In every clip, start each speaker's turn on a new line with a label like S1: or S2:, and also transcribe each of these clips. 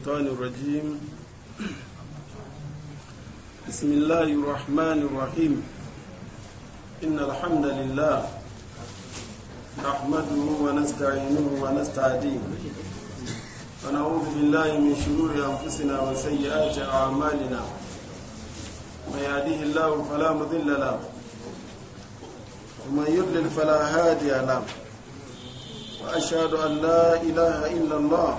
S1: الشيطان الرجيم بسم الله الرحمن الرحيم إن الحمد لله نحمده ونستعينه ونستعديه ونعوذ بالله من شرور أنفسنا وسيئات أعمالنا من يهديه الله فلا مضل له ومن يضلل فلا هادي له وأشهد أن لا إله إلا الله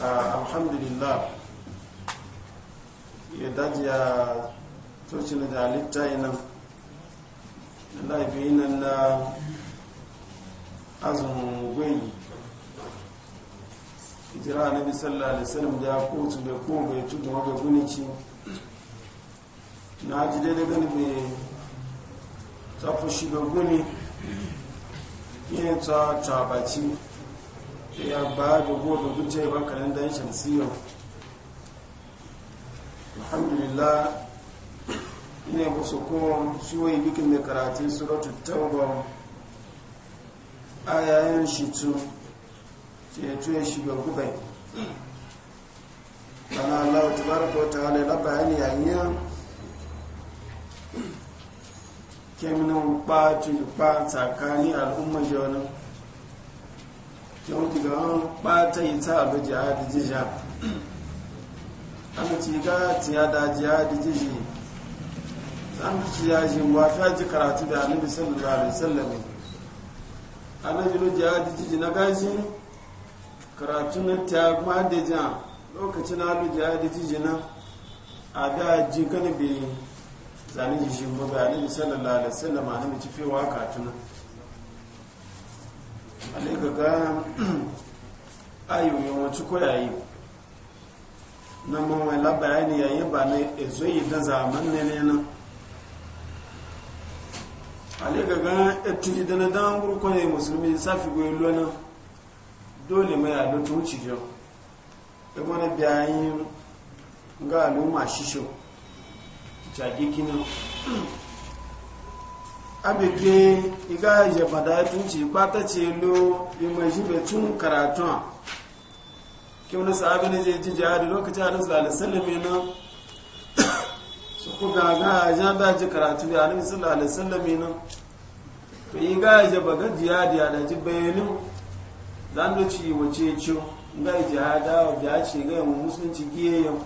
S1: Ah, alhamdulillah ya dajiya tocin da halitta yanan laifi nan na azumin gwai, jira na bisallah da salim da kotu da kowa ya tudu wadda gunici na ji daidai gani bai tafi shiga guni yin ta tabaci ya ba da gobe guje ba kanan dan siyo alhamdulillah ina musu ko yi bikin da karatun suratul tauba yayin shi tu ce tuye shi ga gubai kana Allah tabaraka barakota ta'ala la yayin keminan ɓacin ba tsakanin al'umma jona yau daga an ɓata yi ta abu jihadi jija an ci ga tiyada jihadi jiji an ci ya ji wafi ji karatu da annabi sallallahu alaihi wasallam ji no jihadi jiji na gaji karatu na ta ma da jan lokacin alu jihadi jiji na a da ji gani bai zane shi shi ga alaihi sallallahu alaihi wasallam an ci fewa ka tuna alaika ga ayu yawan ci koyayi mai mawai ne yayi ba ne ezo yi da zaman ne ne nan alai ga etu da na dan gurko ne musulmi safi goyi lona dole mai adon tuci jau ibana biyayin ga al'umma shishin jage kini abeke iga ya fada tunci kwata ce lo imo shi bai tun karatu ke wani na sahabi na je ji jihadi lokacin hannun sallallahu sallam yana su ku gaga a jan ji karatu da hannun sallallahu sallam yana to iga ya baga jihadi a daji bayanin zan da ci wace ciwo ga jihada da ya ci ga yamma musulunci giyayen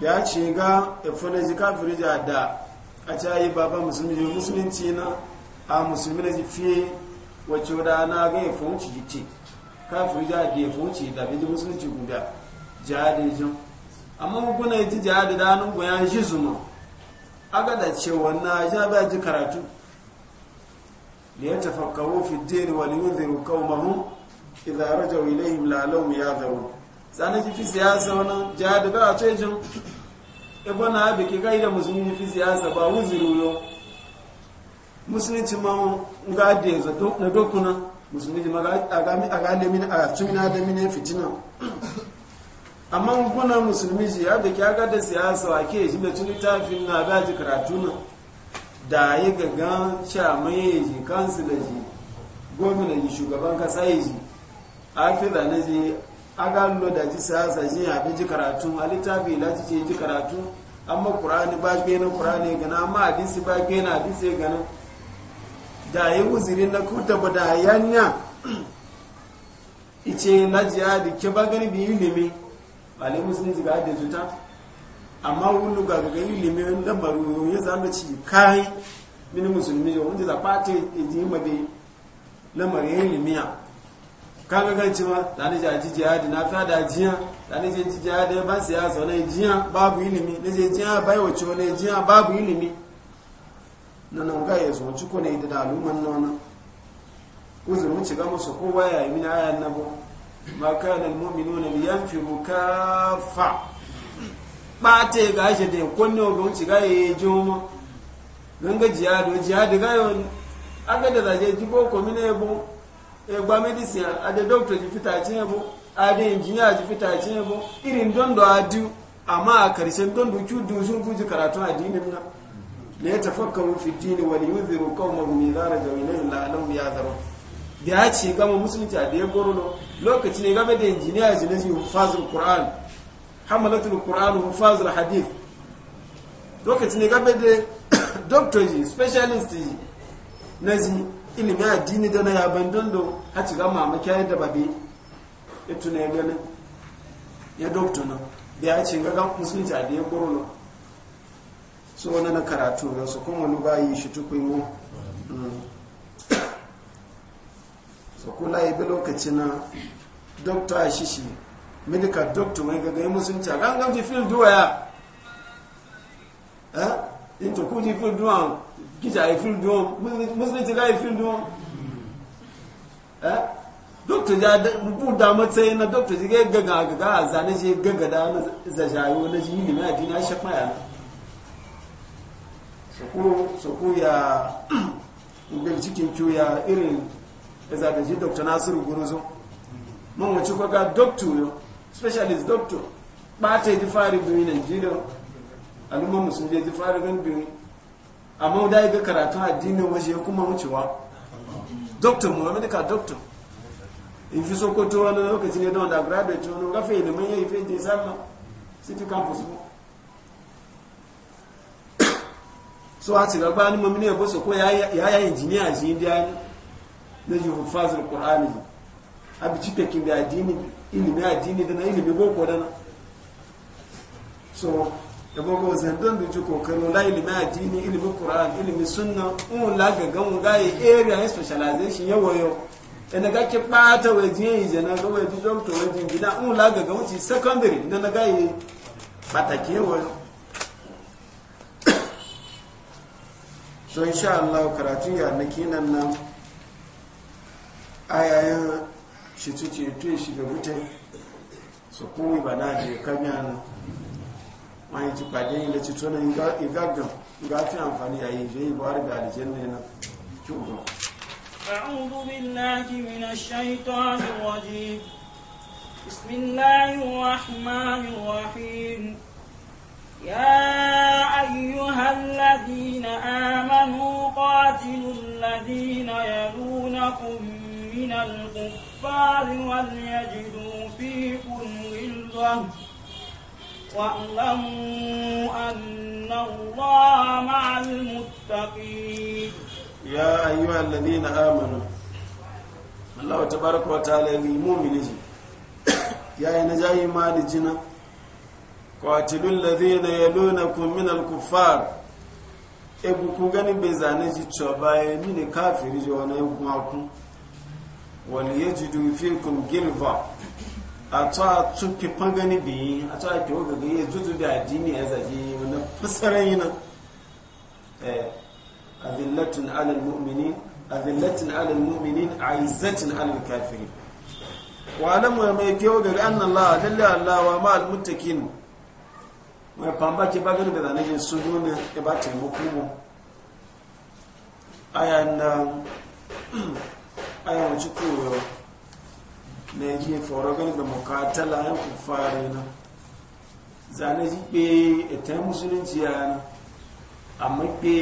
S1: ya ce ga efona ji kafiri da da a cayi baba musulmi ji musulunci na a musulmi na ji fiye wacce da na ga efon ci ce kafiri da da efon ci da bi ji musulunci guda jihadi jin amma guna ji jihadi da hannun goyan shi zuma aga da ce wannan ja ba ji karatu da ya tafakkaru fi dini wani yunziru mahu idza rajau ilaihim la ya zaro sana ji fi siyasa wani jihadi ba a cejin ebe na abi ki gaida musulmi fi siyasa ba wuzuru yo musulunci ma ga da yanzu na dokuna musulunci ma a ga lemin a cimina da mini fitina amma kuna musulmi ji ya da ki aga da siyasa wa ke shi da tuni littafin na ba ji karatu na da yi gaggan yi ji kansila ji gwamna ji shugaban kasa ji a fi zane ji aga lo da ji siyasa shi ya bi ji karatu a littafi laji ce ji karatu amma kur'ani ba ke na ƙurani gana amma hadisi ba ke na hadisi gana da yi wuziri na kuta ba da yanya ice laji a da ke ba gani bi ilimi ale ji ga da juta amma wulu ga ga ilimi lamaru ya zama ci kai mini musulmi ya wunji da fata ya ji mabe lamarin ilimiya kaga kan cewa da ni aji jihadi na fi da jiya da ni je jihadi ban aso ne jiya babu ilimi ni je jiya bai wace ne jiya babu ilimi na nan ga yi zo ci ko ne da aluman nona uzu mu ci ga musu ko waya yi mina ayan nabo ma kana al mu'minuna li yanfiru kaffa ba te ga shi da ko ne ga ci ga yi jomo ganga jihadi jihadi ga yo aga da zaje jibo ko mine bo egba medicine ade doctor ji fita cin bo ade engineer ji fita cin bo irin don do adu amma a karshen don do kudu sun guji karatu addinin nan la yatafakkaru fi dini wa yunziru qaumahum idza rajau ilayhim la'allahum yahzarun da ya ce gama musulunci a da ya e goro lokaci ne game da injiniya ji na ziyu fazil kur'an hamalatul qur'an fazil hadith lokaci ne game da doctor ji specialist ji na ziyu ilimin addini da na ya bandon da a ci gama maki ya da babe ya tuna ya ganin ya dokta na da ya ce gagan musulunci a da ya koro na su wani na karatu na su kuma wani bayi shi tukun mu mm. su kula ya bi lokaci na doktor a shi shi medical doctor mai gagayi musulunci a gangan ji fil duwaya eh? into kuji fil duwa kíjà ìfíndì wọn mùsùlùmí ti láì ìfíndì wọn dókítà ya rubu da matsayi na dókítà ji gaggaga gaga a zane shi gaggada na zashayo na ji ilimi a dina shi maya su ku ya ubel cikin kiwo ya irin zagaji dókítà nasiru guruzo mun wuce kwaga dókítà specialist dókítà ɓata ji fari ji fari amma da ya ga karatun addinin waje ya kuma wucewa doctor mu wani ka doctor in fi so koto wani lokaci ne don da graduate wani gafe ilimin ya ife fejin sallah city campus mu so a ci gaba ni mamini ya bosa ko ya yi injiniya shi indiya ne na ji hufazin ƙorani ne a bi cikakin da addini ilimin addini da na ilimin boko dana so da boko zandon da juko kano la ilimi addini ilimi qur'an ilimi sunna un la ga gan ga ye area specialization ya yo ina ga ki bata we je je na ga we ji doctor we ji gida un la ga gan ci secondary na na ga ye bata ki yawo so insha Allah karatu ya naki nan Aya ayayan shi tuce tuye shi ga mutai so kowi ba na je kamya nan ma yi ci kwaje yi da ci tona igaggan ga fi amfani a yi je yi buhari da alijanna yana kyau
S2: أعوذ بالله من الشيطان الرجيم بسم الله الرحمن الرحيم يا أيها الذين آمنوا قاتلوا الذين يلونكم من الكفار وليجدوا فيكم غلظة واعلموا أن الله مع المتقين
S1: يا أيها الذين آمنوا الله تبارك وتعالى للمؤمنين يا نجاي ما لجنا قاتلوا الذين يلونكم من الكفار ebu kun gani bai zane ji cewa baya ni ne kafiri ji wani yankun hakun wani ya ji dufi kun gilva a tsawa tsuki fangani biyi a tsawa ke waga ganye zuzu da addini ya zaji wani fasaran yi nan eh, azillatin alal mu'minin azillatin a yi zatin alin kafiri wa alamu ya mai ke waga an Allah lalle Allah wa ma al muttaqin mai famba ke bagani da zanajin su nuna ya ba taimako mu ayan nan ayyana cikin yau. na ji foro gani ga mukatala yan kufare na zane ji pe etan musulunci ya na amma pe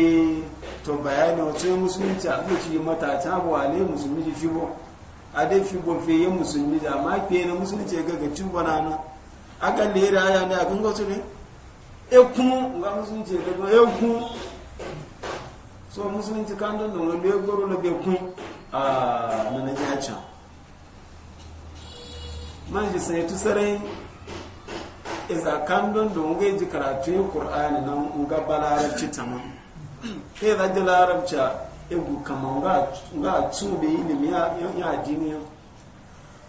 S1: to bayani wato musulunci a kuci mata ta bo ale musulmi fi fibo a fi fe musulmi da pe na musulunci ga ga tuba na na aka ya aya ne e a e kan gosu ne ekun ga musulunci ga ga ekun so na ah, na man ji sai tu sarai iza kan don don ga ji karatu qur'ani nan un ga balarabci tama ke da larabci egu kama ga ga tsube ilimi ya ya diniya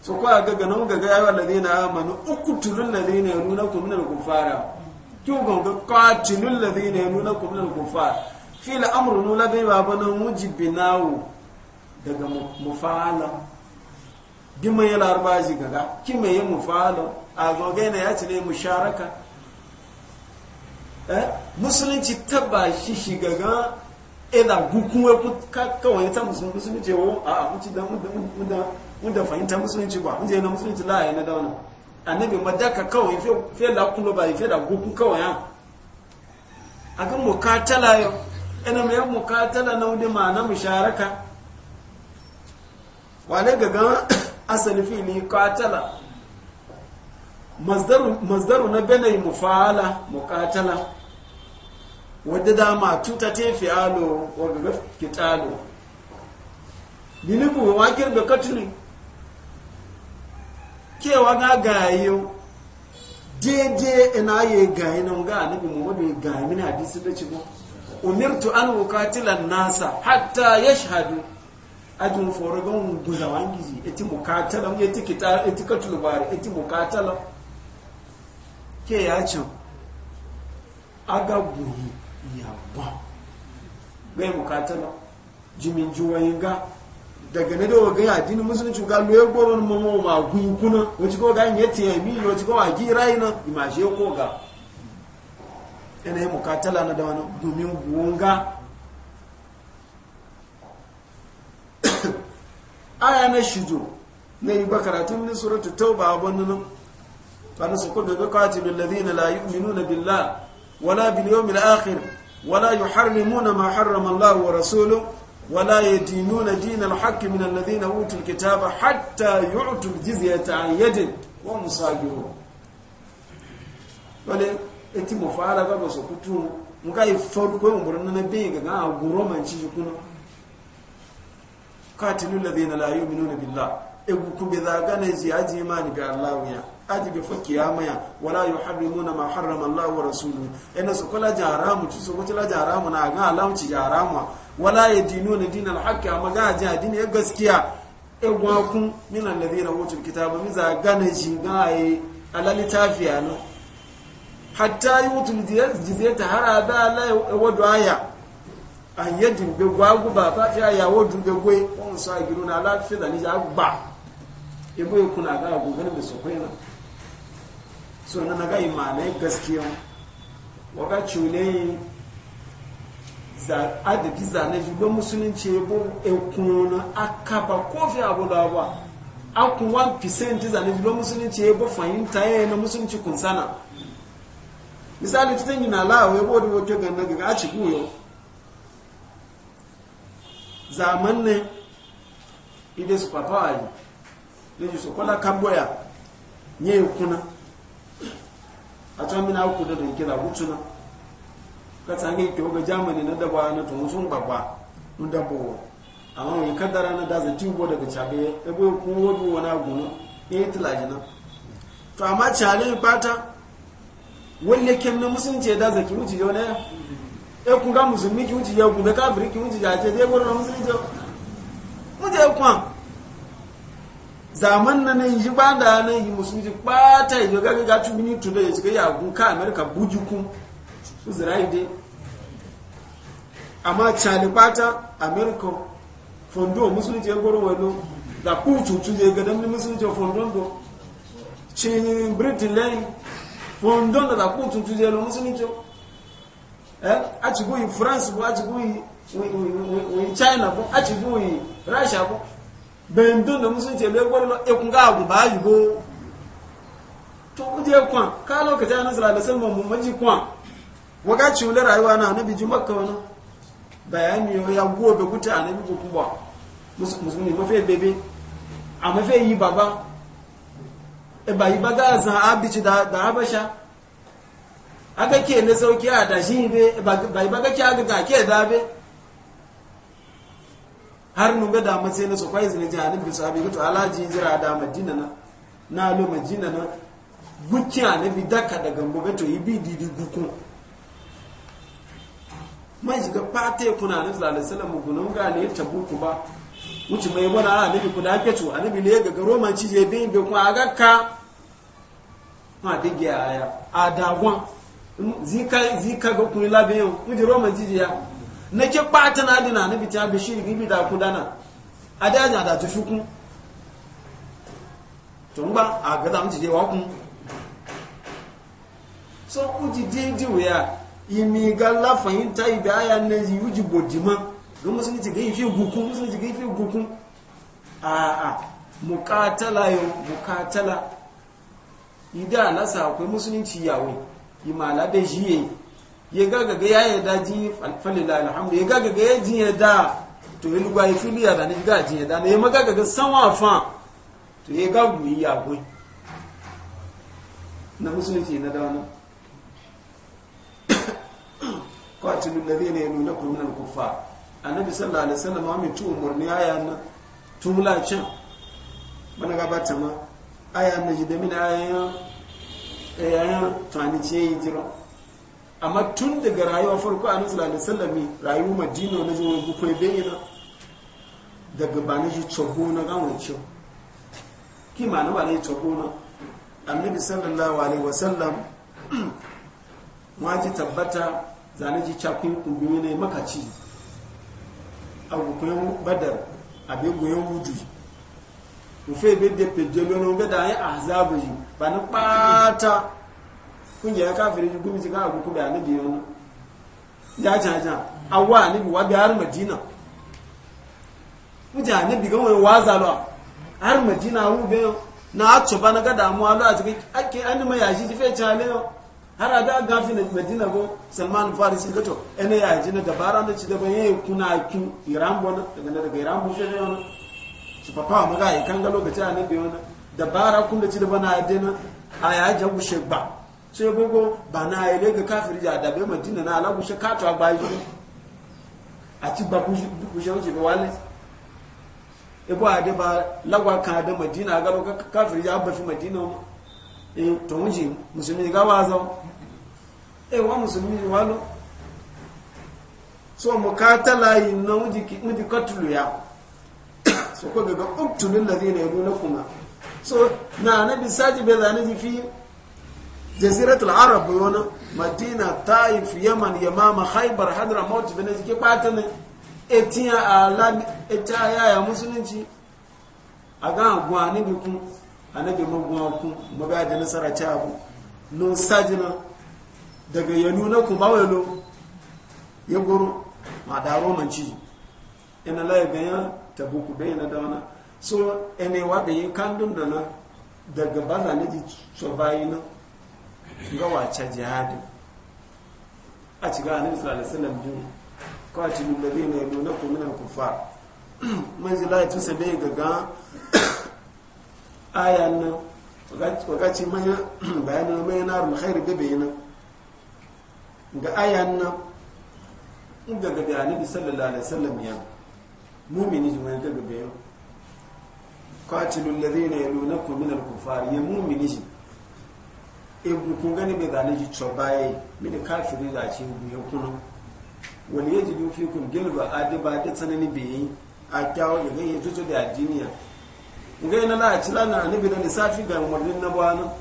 S1: so ko ga ga nan ga ga yawa ladina amanu uqtulul ladina yarunakum al kufara kyo ga ga qatilul ladina yarunakum minal kufara fil amru nula ga babana mujibinawo daga mufala bima yi larbazi gaga yi ya falo a na ya ci ne musharaka eh musulunci taba shi shigaga ina gukuwe kawai ta musulunci wo a a muci da mun da fahimta musulunci ba mun je na musulunci la na dauna annabi madaka kawai fe la kulo ba fe da gukun kawai ya akan mukatala yo ina mai mukatala na wani ma na musharaka wane gaga asali fili katala masdaru na benai mufa'ala muqatala wadda dama tuta te alo wadda ga kitalo bilibu wa kirga katuni kewa ga gayo daidai ina ya gayi nan ga annabi muhammadu ya gayi mini hadisi da ci umirtu an wukatilan nasa hatta yashhadu ajin foro gan guza gizi eti mukatala mu eti kita eti katul bari eti mukatala ke ya cin aga buyi ya ba bai mukatala jimin juwayin ga daga ne dawa ga addinin musulunci ga loye goron mamo ma guyi kuna wace ko ga yete ya mi wace ko agi rai na imaje ko ga ene mukatala na da wani domin guwon ga aya na shido na yi bakaratun ni suratu tauba a nan kana su kudu da kwaci bil ladina la yu'minuna billah wala bil yawmil akhir wala yuharrimuna ma harrama Allah wa rasuluhu wala yadinuna dinal haqqi min alladhina utul kitaba hatta yu'tul jizyata an yadin wa musagirun wale eti mo fara ba so kutu mukai farko mun burna na bi ga ga guro man ci kuna katilu ladina la yu'minuna billah ebu kumbe za gane ji aji imani bi Allah ya aji bi fa kiyama ya wala yuharrimuna ma harrama Allah wa rasuluhu ina su kula jaramu ci su kula jaramu na ga Allah ci jaramu wala yadinuna dinal haqqi amma ga ji adini ya gaskiya ebu kun min alladhina utul kitaba mi za gane ji ga ai alali tafiya no hatta yutul jizyata harada la wadu aya a gbogbo agúbà fàtí àyàwó dùn gbogbo wọn sọ àgbèrò náà aláfẹ́dà níjà gbà ebo ikun aga agogo ne da su kwaina so na naga imanai za ebo na akaba da one percent 1% zane shi ebo fahimta ya na musulunci kunsana misali titan yi na lawa ebo da ga zamanne ne ide su papa ayi leji su kwada kamboya nye kuna a can mina ku da donke da gutsuna ka hanyar kyau ga germany na dabawa na tun sun gbagba na dabawa amma wani kaddara na da zai daga daga ya ebe kun wodu wani ya yi tilaji na to amma fata wani walleken na musulunci da zaki wuce yau ne e kun ga musulmi ki wuce ya kun da kafiri ki wuce ya ce dai gwarar musulmi ce mu je kwan zaman na nan yi ba da nan yi musulmi ba ta yi ga ga tu mini tu da ya shiga ya kun ka america buji kun su zirai dai amma cali bata america fondo musulmi ce gwarar wani da ku tutu je ga dan musulmi ce fondo do cin britain lai fondo da ku cutu je musulmi ce Eh? aci france bụ aci china bụ aci bu bụ russia bu bendun da musulunci ga abu ba yi go to kuje kwan ka lokacin annabi sallallahu alaihi wasallam mun maji kwan waga ci na rayuwa na annabi ji makka wani ya gobe musulmi yi baba baga da aka ke na sauki a tashi ne bai baka ki aka ga ke da be har nuga da matsayi na sokwai zina ji hannun bisa bai gato alaji jira da madina na na alo madina na guki a na daka da gambo beto yi bi didi guku mai shiga fata kuna na zalisalan mugunan gane ta buku ba wuce mai wani ala nabi kuna ake to anabi ne ga garo man cije bin bi kuma ga ka ma dige aya adagon zika zika ga kun labe yau miji roma jijiya na ke kpata na dina na bita be shiri gibi da ku dana a daja da tafi kun to ngba a ga zamu jije wa kun so ku ji didi wuya imi ga la fahimta ibe aya ne yi uji bodima ga musulunci ga yi fi gukun musulunci ga yi fi gukun a a mukatala yau mukatala idan alasa akwai musulunci yawon imala da ye ya gagaga ya yi da ji falila alhamdu ya gagaga ya yaji ya da to yi lugwa ya fili da ni ga ji da ne ma gaga sanwa fa to ya gagu yi ya go na musulunci na dawana qatilu na yalunakum min al-kuffar annabi sallallahu alaihi wasallam ma mutu umurni aya na tumla can bana gabata ma aya na jidamina aya ɗaya tani ce yi jira amma tun daga rayuwa farko a nufin alisalami rayuwa madina na zuwa bukwai bayyana daga ba na shi cogo na gawon kyau ki ma na ba na yi cogo na annabi sallallahu alaihi wasallam ma ji tabbata zane ji cakwin kumbini ne makaci a bukwai badar abin goyon wujuyi ufe be de pejelo no be da yin azabu yi ba ni pata kungiya kafiri ji gumi ga agu kuma ani biyo no ya jaja awa ni wa bi har madina muja ni bi ga wani waza lo har madina wu be na atso ba na ga damuwa lo a cikin ake an ma ya shi fe chale yo har aga gafi na madina go salman farisi ga to ene ya ji na dabara da ci da ban yayi kuna ki iran bona da daga iran bu fe ne su papa mu ga ikan ga lokaci a nan biyo da bara kun da ci da bana adena a ya ja gushe ba sai gogo ba na ya lega kafin ya da bai madina na ala gushe kato a bayi a ti ba gushe wuce ba wale ebo ade ba lagwa kan da madina ga lokaci kafiri ya ba fi madina ma eh to mu ji musulmi ga wazo eh wa musulmi walo so mu katala yin na mu ji mu ji katulu ya so ko daga uktulul na kuma so na nabi saji bai zane jifi fi jaziratul arab wani madina taif yaman yamama khaybar hadramaut bai na jike ke ne etiya eti a e yaya musulunci a ga agwa ni bi kun bi maguwa kun maga da nasara ci abu no sajina daga yanu na kuma bawelo ya goro ma da romanci ina laye ya buku bai na dawana so ene wa da yi kandun da na daga baza ne ji bayi na ga wace jihadi a ci ga annabi sallallahu alaihi wasallam jin kwaci min ladina yalunakum min kufa manzi manzila ya tusa ga ga ayan na wakaci manya bayanin mai na rumu khairu bebe na ga ayan nan daga da annabi sallallahu alaihi wasallam ya mumini ji wani gaga bayan qatilul na yalunakum na al-kuffar ya mumini ji ibn kun gani bai zane ji chobaye min kafiri da ci bu ya kuno wani yaji du fikum gilba adiba da tsanani bayi a kyawo da ya tutu da addiniya ngai na na ci lana annabi da lissafi ga umarnin na bwana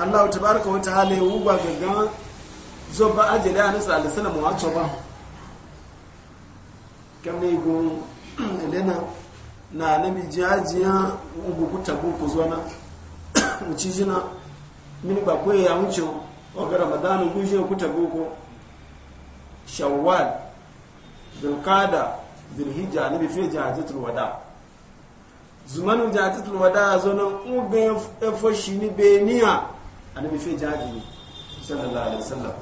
S1: Allah tabaraka wa ta'ala ya wuba gaggan zo ba ajira anasa alisallam wa chobaye kamne go lena na nabi jajiya ubukuta buku zuwa na mucijina mini ba kwe ya wuce ramadan ramadanu gushe kuta ko shawwal zulqada ne bi fi jajatul wada zumanu jajatul wada zona na ube efo shini beniya anabi fi jaji sallallahu alaihi wasallam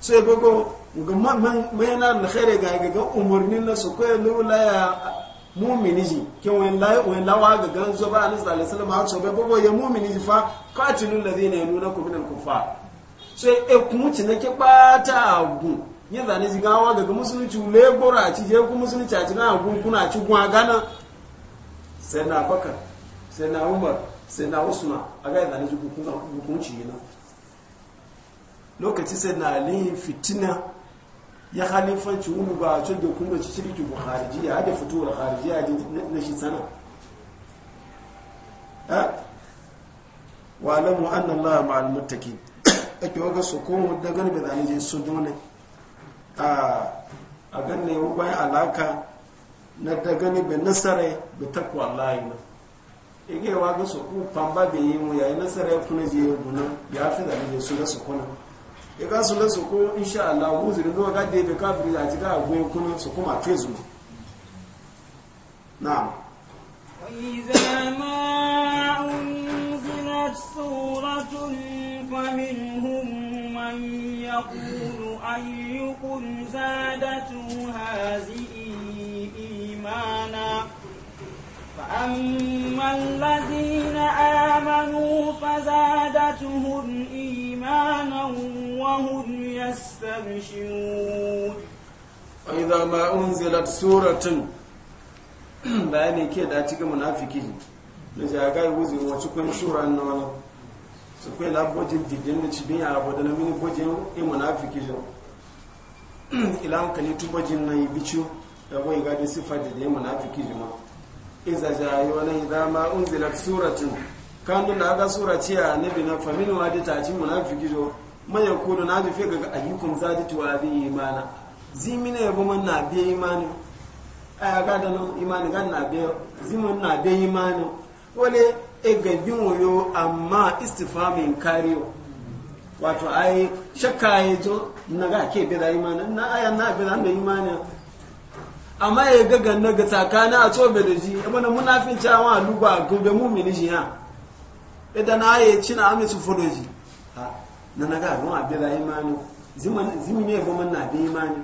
S1: so ebogo ga mayana alkhairi ga ga ga umarnin na su kai lula ya mu'mini ji ke wani la wen ga gan zo ba alayhi sallallahu alaihi wasallam ba bo ya mu'mini ji fa qatilul ladina yalunakum minal fa sai e kuma ci na ke bata agun yin zane ji gawa daga musulunci lebora ci je ku musulunci a cikin agun kuna ci gwa gana sai na bakar sai na umar sai na usma a ga zane ji yi na lokaci sai na alihin fitina ya halifanci wani ba a cikin da kuma ci shirki ba ya hada fitowar harijiya na shi sana wa alamu anna Allah ma'al ake waka su ko mu da gani da ne su dole a a yawon bayan alaka na da gani nasarai bai be takwa Allah ina ige ga su ko ba be yi mu yayi nasarai kuna je gunan ya fi da ne su da su kuna ya ga su lasu ko insha Allah muzirin zuwa ga da kafiri a cikin abuwa su kuma tuwe su na'am
S2: يبشرون
S1: وإذا ما أنزلت سورة bayani ke da cikin da wuzi na wani su kai labojin didin da cibin abu da namini bojin yi munafiki jo ila na yi bicu da wai gadi sifa da yi munafiki iza jayi na idama unzilat suratin kan duna maya ya kodo na ji ga ayyukan zaji tuwa bi imana zimina ya bama na biya imani a ya gada nan imani gan na biya zimin na biya imani wale e gabin wayo amma istifamin kariyo wato ai shakka ya jo na ga ke bida imani na aya na bida da imani amma ya ga na ga tsakani a tsobe da ji amma na munafin cewa duba gobe mu mini ji ha idan a cina ci na amince furoji ha na na ga gun abin rayu mani zimi ne ba na abin imani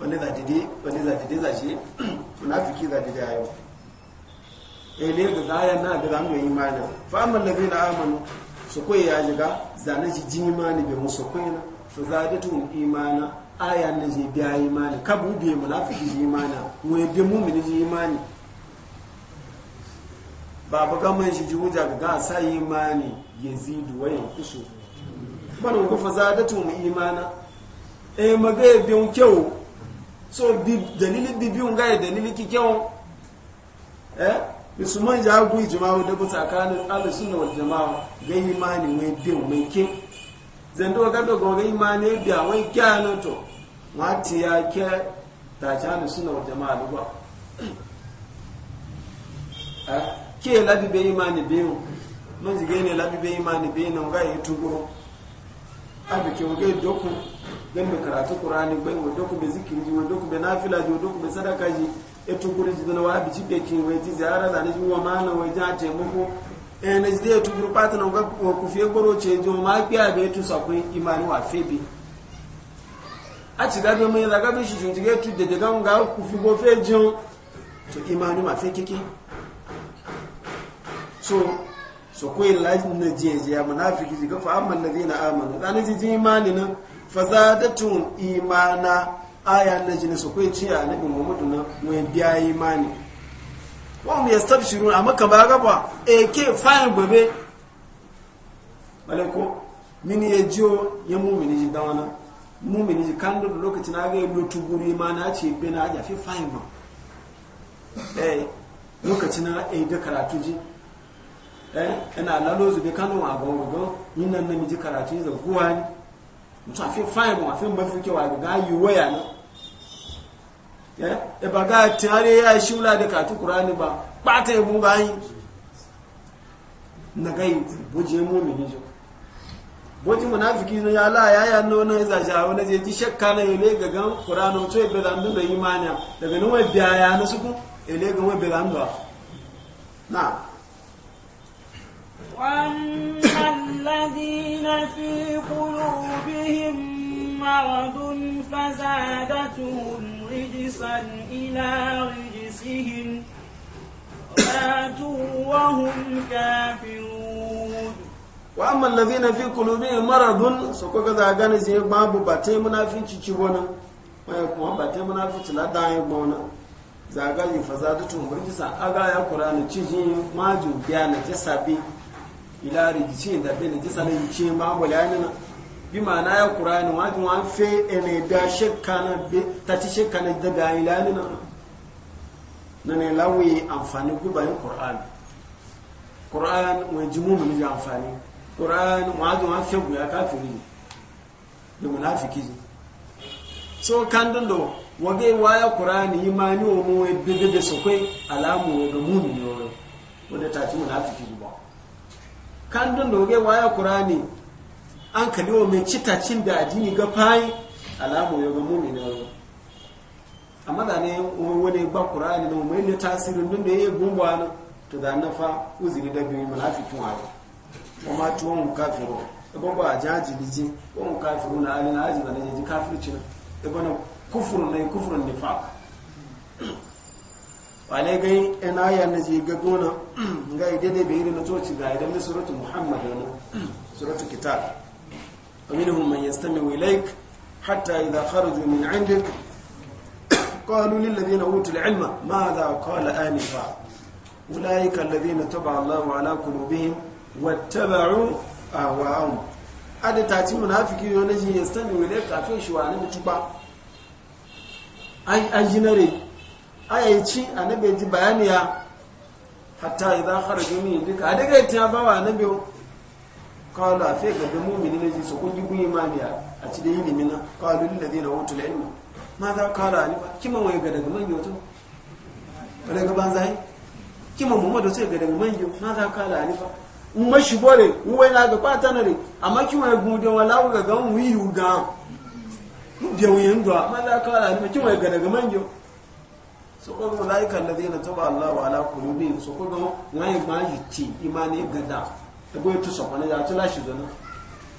S1: wani zadide wani zadide za shi munafiki zadide a yau ele eh, ga zaya na ga zamu yi imani fa amma na amanu su koyi ya jiga zanen shi jin imani bai musu koyi na su to tun imana aya na je biya imani kabu biye munafiki ji imani mu bi mu'mini ji imani babu kamar shi ji wuja ga sa imani yazidu wa yankusu man ko fazadatu mu imana e maga bi un kyau so bi dalili bi bi un ga dalilin ki kyau eh musulman ja ku ijma'u da tsakanin ahlus sunna wa jama'a ga imani wai bi un mai ke zando ga do ga imani bi biya wai kyano to wati ya ke ta jani suna wa jama'a duba eh ke labi be imani biyu man jige ne labi bai imani bai nan ga yi tuguro abu ke wuge doku gan da karatu qur'ani bai wa doku bai zikiri ji wa doku bai nafila ji wa doku bai sadaka ji e tuguro ji dana wa abi ji ke kin wai ji ziyara da ne wa mana wai ja te muku e ne ji da tuguro pata nan ga ku fiye goro ce ji ma kiya bai tu sakwe imani wa febi a ci gabe mai zaga bai shi jige tu da daga ga ku fi bo fe jin to imani ma fe kiki so so ko lajin na jeje ya munafiki ji gafa amman zina amanu da na jiji imani nan fasadatun imana aya na jini so ko ci a nabi muhammadu na mu biya imani wa mu shiru amma ka ba gaba e ke fayin gobe malako mini ya jiyo ya mumini ji dawana mumini ji kan da lokacin na ga lutu guri imana ce bena aja fi fayin ba eh, lokacin na e da karatu ji eh ina lalo zube kano a bawo go yin nan namiji karatu za guwa ni mutu afi fayin mu afi mafi kewa ga yi waya na eh e ba ga tare ya shi wula da katu kur'ani ba ba ta yi mun bayi na gai buje mu mini jo boji munafiki no ya la ya ya no na za ja wani je ji shakka na ile ga gan qur'ano to be da ndu da imani daga nan biya ya na suku ile ga wai be da ndu
S2: na وأما الذين في قلوبهم مرض فزادتهم رجسا إلى رجسهم
S1: وماتوا وهم
S2: كافرون
S1: وأما الذين في قلوبهم مرض سوكو كذا أغاني زي بابو باتي منافين تشيبونا ويقوم باتي منافين تلادا يبونا zagari fa za ta tumbar kisa aga ya kurani cijin maju biya ila rigici da bene ji sanin ce ma mulani na bi ma na ya qur'ani wa ji wan fe ene da shekka be ta ci shekka da da ilani na na ne lawi amfani ku bayan qur'ani qur'an wa jimu mun ji amfani qur'an wa ji wan fe ku ya kafiri da munafiki so kan do wage waya qur'ani imani wa mu we bebe da sokoi alamu wa ga mu'mini wa da ta ci munafiki ba kandun da wajen waya kurani an kaliwa mai citacin da ajini ga fayi alamu ya ga na ruwa a ne wani ba kurani da mai ne tasirin don da ya yi gumba na to da na fa uzuri da biyu munafikin wani ma tuwon mu kafiro ibon ba a jaji liji ko mu kafiro na alina aji na ne kafirci na kufurin kufurun ne wale gai ina ya na je ga gona ga ide ne bayyana na coci ga idan da suratu muhammad na suratu kitab aminuhum man yastami ilaik hatta idha kharaju min indik qalu lil ladina utul ilma madha qala anifa ulaika alladhina taba Allahu ala qulubihim wattaba'u A ada ta ci munafiki yo na ji yastami ilaik kafin shi wani mutuba ai ajinare aya yi ci annabi ji bayaniya hatta idan kharaju min duka a daga ta ba wa annabi qalu a fe gabe mu'minin ji su kun ji kun imani a ci da ilimi na qalu lil ladina utul ilma ma za qala ali kima waye ga daga manyo to bare ga banzai kima muhammadu sai ga daga manyo ma za qala ali mashi bore wai na ga kwata na re amma kin wai gudun wala ga ga mu yi ga mu biyo yin do ma za qala ali kima waye ga daga manyo so ko mu zai na taba wa ala qulubihim so ko do wai ma yiti imani gada da goyi tusa so ko ya tula shi zana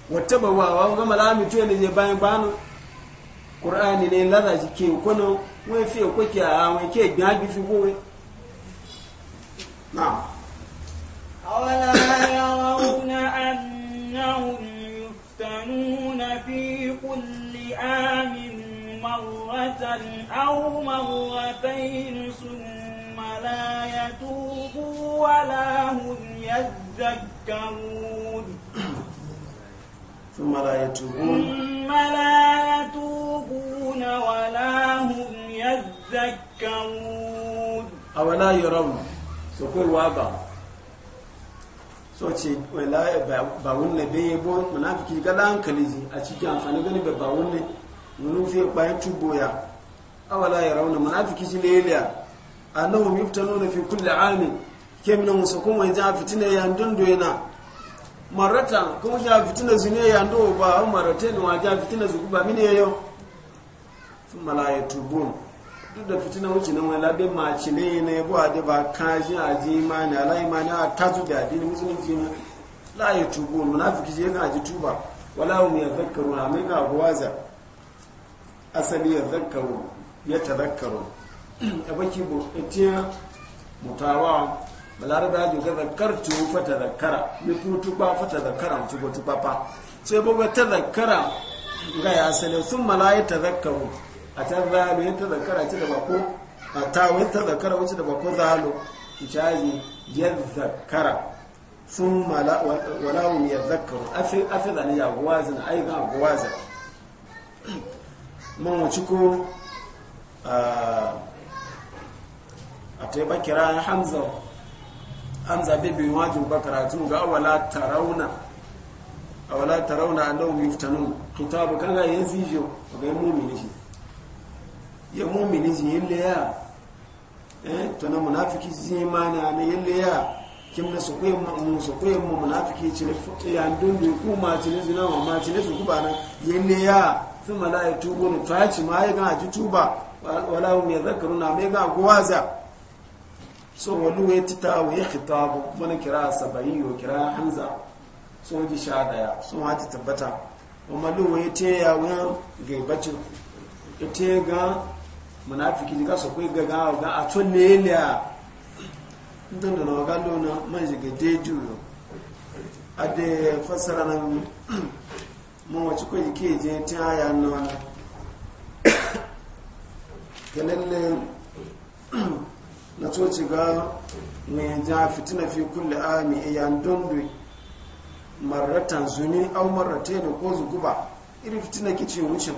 S1: wata ba wa wa ga malami tuwa ne zai bayan banu qur'ani ne lada jike ko no wani fiye ko ki a wai ke gina fi kowai na'am
S2: أو مرتين ثم لا يتوبوا ولا هم يذكرون
S1: ثم لا يتوبون ثم
S2: لا يتوبون ولا هم يذكرون
S1: أولا يرون سكور so ce ba wunne bai yabo munafiki ga a cikin amfani gani ba wunne munun fi tuboya awala ya rauna munafiki shi ne yaliya annahum yuftanuna fi kulli amin kemina musu kuma yanzu fitina ya ndondo yana marata kuma ja fitina zune ya ndo ba au marate ne wa ja fitina zuku ba mine yayo thumma la yatubun duk da fitina wuce nan wani labe ma ci ne ne bu ade ba a aji imani ala imani a tazu da addini musulunci ne la yatubun munafiki je yana aji tuba wala hum yadhakkaruna mai ga waza asali yadhakkaruna ya tazakkaru a baki bukatiyar mutawa balarabe ya joga zakartu fa zakara ya futu ba fa zakara mutu ba tuba fa sai ta zakara ga ya sale sun malaye tazakkaru a can zalo ya tazakkara ci da bako a tawon tazakkara wuce da bako zalo caji ya zakara sun walawun ya zakaru fi zane ya guwazin aigan guwazin man wuci ko a taiba kira ya hamza hamza bebe wajen ba karatu ga awala tarauna awala tarauna a nau yuftanun kitabu kan ga yin a ga yin mumini shi ya mumini shi yin laya eh to na munafiki shi ma mana na yin laya kim na su kuyin mu su kuyin mu munafiki ci ne ya ndun bi ku ma ci ne zina ma ci ne su kuba na yin leya sun tubo ne ta ci ma ya gana ji tuba wala hum yadhakkaruna me ga gwaza so wani ya tita wa ya khitabu mana kira sabayi wa kira hamza so ji sha daya so ma ta tabbata wa lu wa te ya wa gaibacin ya ga munafiki ga so kai ga ga a tun ne ya dan da na waga na man ji ga deju ade fassara nan mun wace kai ke je ta yana wani kenan na coci ga mai ja fitina fi kulle ami iyan dundu marratan zuni au marratan ko zuguba irin fitina kicin wucin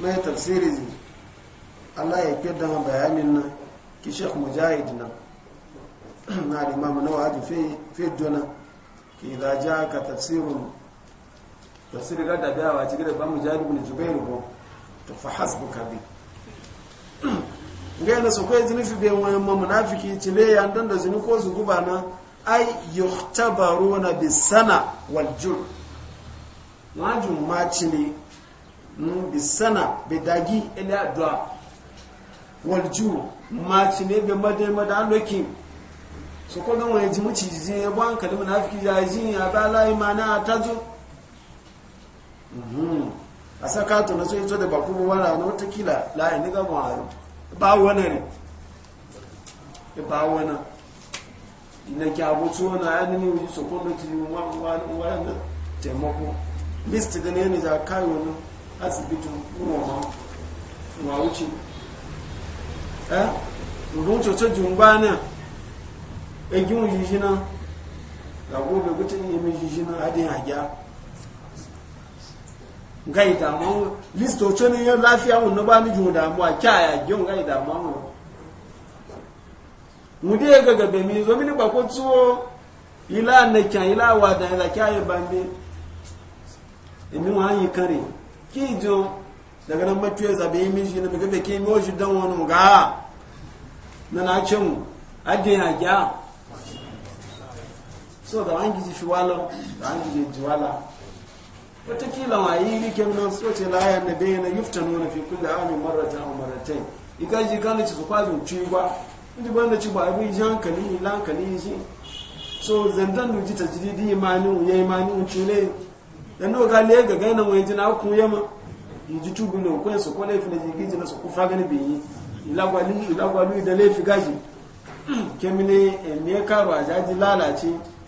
S1: mai tafsiri Allah ya fi da bayanin nan ki Sheikh Mujahid nan na da Imam Nawawi fi fi ki da ja ka Tafsirin tafsiri ga da cikin da Mujahid ne, Jubair ko to fa hasbuka bi ngai na sokoy zini fi be wani munafiki cile ya dan da zini ko su guba na ai yuhtabaruna bi sana wal jur wajun ma mm, bi sana bi dagi ila adwa wal jur ma cile be madai madan lokin so ko gan wani jimuci ji ya bu hankali munafiki ya zini, ya ba layi a ta zo mm-hmm. a saka to na so ito da baku ba na wata la'ayi ni gama haru ba wani ne ba wani ina ki wani ya nini wuji so kondo ti wani taimako list da ne za ka yi wani asibitin kuma ma wuce eh rubun cocin jumba ne egin wujijina ga gobe gutun yi mai jijina adin hagiya ngai damu listo chone ya lafiya mun ba ni juna damuwa a kya ya gyo ngai damu mu mu de ga ga be zo mini ba ko tuwo ila na kya ila wa da ila kya ya bambe emi wa yi kare ki jo daga nan matuye zabe mi shi na ga be ke mi o shi dan wani ga na na cin ade ya gya so da an gizi shi wala da an gizi jiwala watakila wa yi ni kemna ce la ya na yufta nuna fi kulli amin marratan aw marratayn ji kana ci su kwazo ci ba inda da ci ba abin jankali lankali shi so zandan nuji ta di imani ya imani ci ne dan no ga le ga gana wani jina ku yama ji tubu no kwen so kole fi na jigi jina so ku faga ni biyi ilagwali ilagwali da le fi gaji kemine ne eh, karo ajaji lalace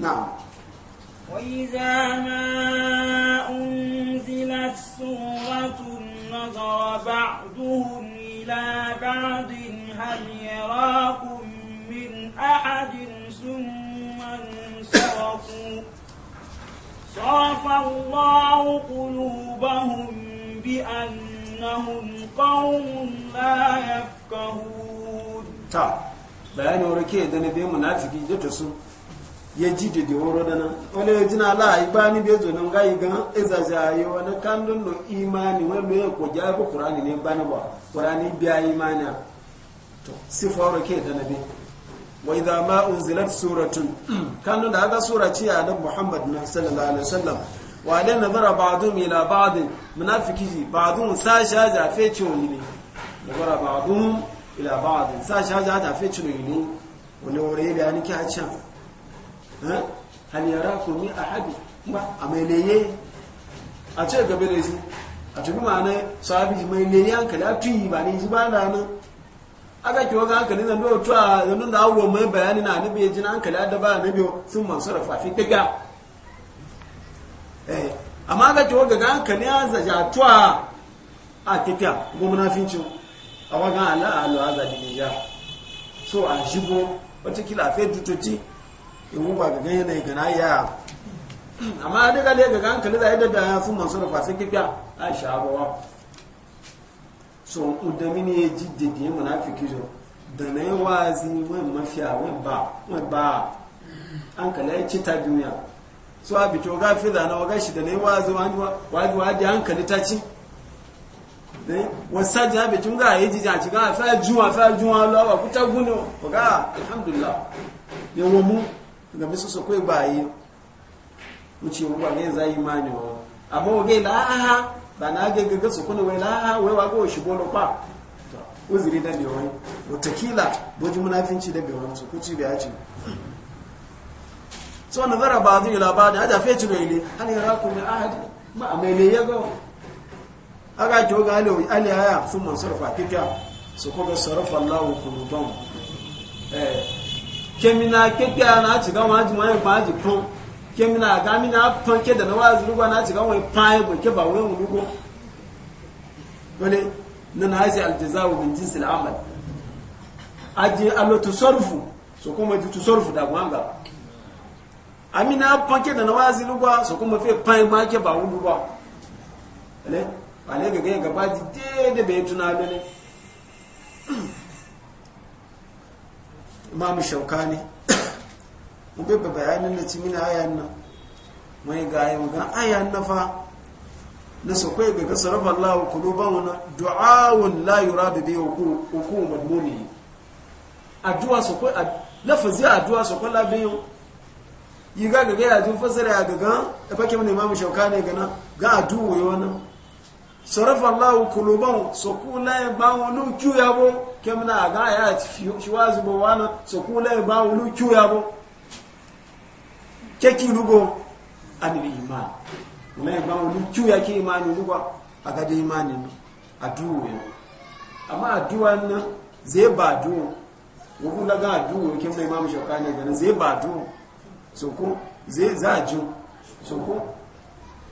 S1: نعم
S2: وإذا ما أنزلت سورة نظر بعضهم إلى بعض هل يراكم من أحد ثم انصرفوا صرف الله قلوبهم بأنهم قوم لا يفقهون.
S1: طيب بيان وركيه ده نبي منافقين ده ya ji da woro da nan wani ya jina la yi ba ni bezo nan ga yi gan ezaza yi wani kandun no imani wani lo ko ja ko qur'ani ne bana ba qur'ani biya imani to sifaro ke da nabi wa idha ma unzilat suratun kandun da aga sura ci a da muhammad na sallallahu alaihi wasallam wa da nazara ba'dhum ila ba'd munafiki ba'dhum sa sha ja fe ci wani ne nazara ba'dhum ila ba'd sa sha ja ta fe ci wani ne wani wuri da ni ke a can hal yarakum min ahad ba ameleye a ce gabe da shi a tafi ma'ana sahabi mai lele hankali a tuyi ba ne ba da nan aka kiwa ga hankali zan biyo tuwa zan da auro mai bayani na nabi jin hankali da ba na biyo sun masu rafafi daga eh, amma aka kiwa ga hankali a zaja tuwa a tafiya gwamna fincin a wagan ala'alu a zaɗi ne ya so a shigo watakila a fai tutoci in ba ga ganye ne gana ya amma da gale ga ganka da zai daga ya sun mansura fa sai kifiya a shabawa so udami ne jiddidi ya munafiki jo da na yi wazi wani mafiya wani ba wani ba an kala ya ci ta duniya so a bito ga fi zana wa gashi da na yi wazi wazi an kali ta ci wasa jina bai tun gaya yi jijin a cikin a fa juwa fa juwa lawa kuta gune wa ga alhamdulillah yawon mu ga musu su kai bayi muci wa ga zai imani wa amma ga aha ah, ah. ba na ga ga su aha ah, wai wa go shi bolo pa uzuri da ne wai watakila boji munafinci da bai su kuci bai aci so nazara ba zai labari aja feci ne ile hal yarakum min ahad ma amele yago aga joga ale ale haya sun man sarfa kika su ko ga sarfa Allahu qulubahum eh kemina keke na ciga wa ji mai ba ji pon kemina ga mi na pon ke da na wa zuru ba na ciga wa pan e ba ke ba wa rugo wale nan hazi aljazaa'u min jinsi al'amal aji alo tusarfu so kuma ji tusarfu da wanga amina pon ke da na wa zuru so kuma fe pai ma e ke ba wudu ba wale wale ga ga ba ji dede be tunalo ne imamu shaukani mu bai bayanin da cimina ayan nan mai gayan gan ayan na fa na sakwai ga sarrafa Allah wa kuluban wani du'awun la yuradu bi hukumu madmuni addu'a sakwai lafazi addu'a sakwai labin yi ga ga ya jin fasara ya gaga da fake mun imamu shaukani gana ga addu'a yana sarrafa Allah wa kuluban sakwai la ba wani kiyo yabo kem na ga ya shi wazi bo wana so kula ba wulu kyuya bo keki lugo anil iman wala ba wulu kyuya ki imani lugo aga de imani no aduwe amma aduwa na zai ba aduwa wuku la ga aduwa kem na imam shakani ga zai ba aduwa so ko zai za aju so ko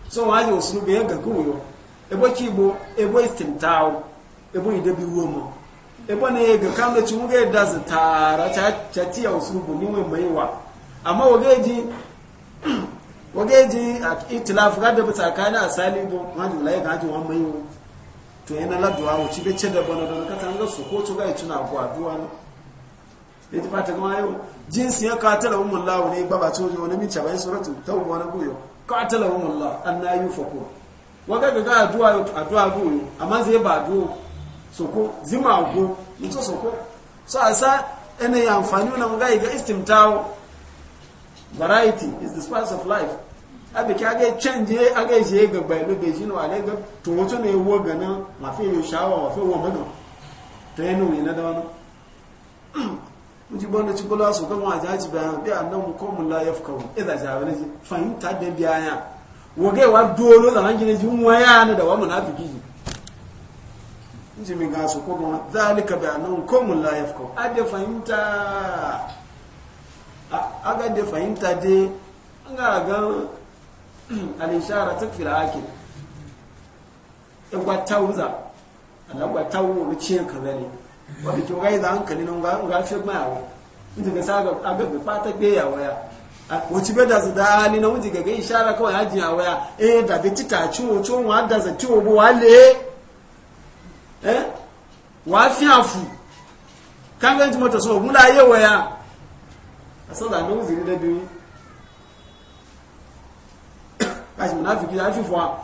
S1: so waje usulubi ya ga kuyo ebo ki kibo ebo istimtao ebo bi idebi womo Ebe na ga ka ci muga da tara ta ci a usulubu ni mai maiwa amma wageji wageji a itilaf ga da asali bo wani lai ga ajin wani maiwa to yana labduwa wuci bai ce da bana don ka ko to ga tuna ko aduwa ne ta fata kuma yau jinsi ya ka atala lawo ne na na soko zima go mutu soko so asa ene ya amfani na mga iga istimtao variety is the spice of life abe ka aga change aga je ga bailo be jino ale ga to wato ne wo ga na ma fi yo shawa wa fi wo mana to enu ne na dawo muji bonda ci kula so kan waje haji bayan bi annan ko mu la yafkahu idza jabana ji fahimta da biyaya wage wa dolo da hangine ji mu waya na da wa munafiki ji mi ga su kuma zalika annahum komun la yafko a da fahimta a ga da fahimta de an ga ga alishara ta fira ake ɗagwa tauza alagwa tawo wuciyar ka ne ba ki ga da hankali nan ga fi yawo inda ga saga agaga fata ya. waya wacce bai da su da ni na wuce ga ga ishara kawai hajji a ya? eh da bi tita ciwo ciwon wadda za ciwo bu wale eh wa fi afu kan ganci mata so mula yawa ya a san da zi zuri da biyu kashi munafiki ya fi fuwa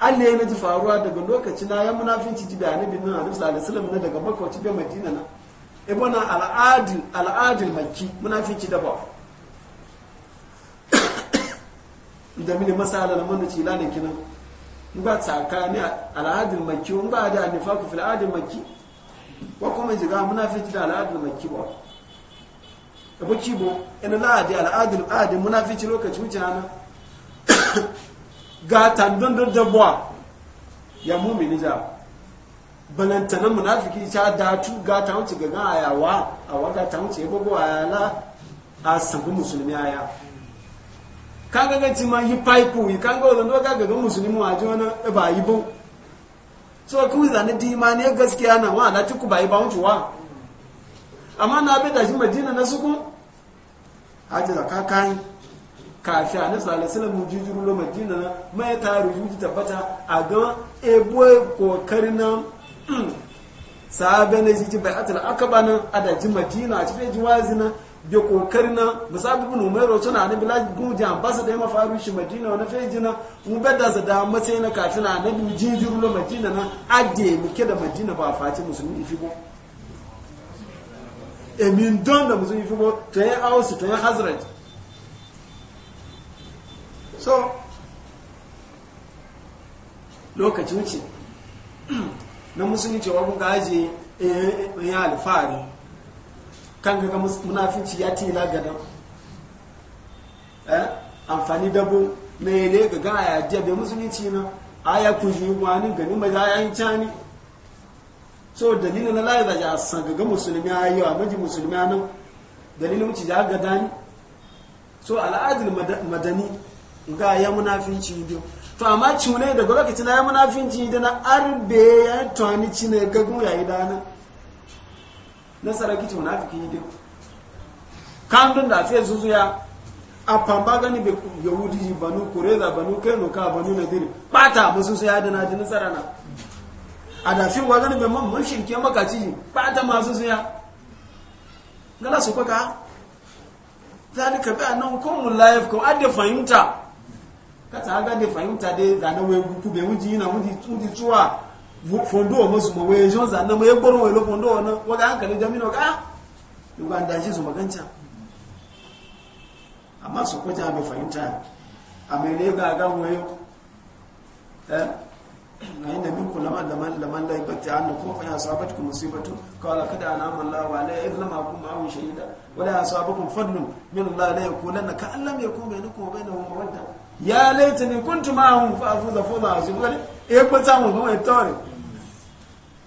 S1: an ne yana ji faruwa daga lokaci na yan munafinci ji da annabi nan annabi sallallahu alaihi wasallam na daga makka ci bai madina na ibana e al'adil al'adil makki munafinci da ba da mini masala na mun ci lanin kinan ba tsakani al'adun makki wani ba da nifaku fil al'adun makki wa kuma jiga munafici da al'adun makki ba abu kibo ina la'adi al'adun al'adun munafici lokaci wuce hana ga tandon dabba ya mumini ja balantanan munafiki ta datu ga ta wuce ga ayawa a waga ta wuce ya bugu a yala a sabu musulmi aya kaga ga ci ma yi paipu yi kaga wannan do kaga musulmi a ji wani ba yi bu so ku za ne di ma ne gaskiya na wa na ci ku ba yi ba wuce wa amma na bi da shi madina na suku haji da ka kafi a nasa alasila mu jujuru lo madina na mai taru juji tabbata a ga ebo e kokari na hmm, bene na jiji bai atala aka ba nan a da ji madina a cikin jiwazi na bi kokarin na misali bin umaru suna na bila gujin basu da ya mafaru shi madina wani feji na mu bada za da matsayi na kafin na bi jinjiru na madina na ajiye muke da madina ba fati musulmi ifi ko emin don da musulmi ifi ko ta yi hausa ta yi hazret so lokacin ce na musulmi cewa kuka ajiye eh, eh, ya alfahari kan ga munafici ya tila gada. eh amfani dabo me ne ga ga ya jabe musulunci na aya ku ji wani gani mai aya yin tani so dalilin na lai da ya san ga musulmi ayi wa miji musulmi nan dalilin mu ci ya gada ni. so al'adil madani ga ya munafici biyu to amma da daga lokacin ya munafici da na arbe ya tani cine ga gun yayi dana nasara kici munafiki yi dai kandun da sai zuzuya a famba gani be yahudi banu kureza banu kano ka banu nadiri bata musu sai hada na ji nasara na a da fi wa zanen bai man mun shinke maka ci bata masu suya gana su kwaka zalika a nan qawmun laif yafqahu adda fahimta kata ga da fahimta dai zanen wai gutu bai wuji na wuji tuwa fondowa masu mawai shi wanzu annan mai gboron wailo fondowa nan wadda hankalin jami'a ga yuwa da shi su maganta amma su kwaja mai fahimta a mai ne ga gan wayo eh na inda min kula ma da man da man da ibatti an ko fa ya sabat ku musibatu qala kada ana man la wa la illa ma kum aw shahida wala ya sabakum fadlun min lalai ya la yakulanna ka allam yakun bainakum wa bainahum mawadda ya laitani kuntu ma'ahum fa afuza fawza azim gani e eh, ko ta mu ga mai tawari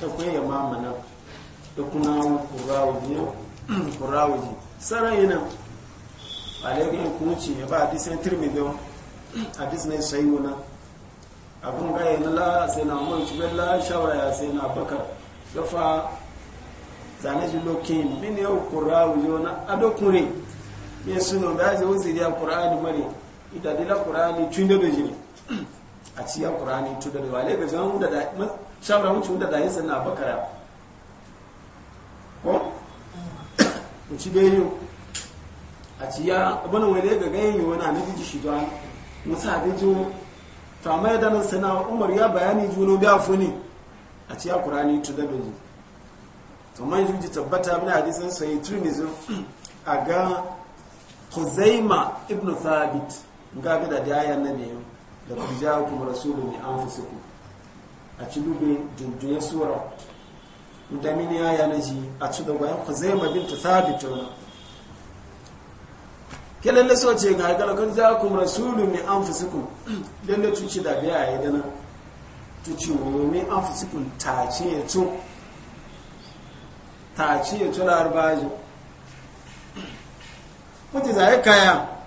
S1: ta kwaya mamana da kuna kurawuji kurawuji sarai nan alaikun kunci ya ba a disney tirmidhi a disney wuna abun gaya na la sai na umar cibiyar la shawara ya sai na bakar gafa zane ji lokin min yau kurawuji wani adokure mai suna da ya ji wuziriya kurani mare idadila kurani tun da da jini a ciyar kurani tun da da wale ga zan da shawara wuce da dayin sannan a bakara ko mu ci da yiwu a ci ya abin wani ga ganyen yiwu na na jiji shiga musa da jiwo to amma yadda nan sana umar ya bayani juno biya funi a ci ya kurani tu da bezu to man juji tabbata bin hadisin sai tirmizi a ga huzaima ibnu thabit ga ga da ayan nabi da kujakum rasulun min anfusikum a ci lube jujjuya sura da mini ya yana ji a ci da gwayan ku zai mabin ta sabita wani kelan da soce ga galakon za ku rasulu mai an fi sukun don da tuci da biya ya dana tuci wani an fi sukun ta ce ya tun ta ce ya tun arbaji mutu za ya kaya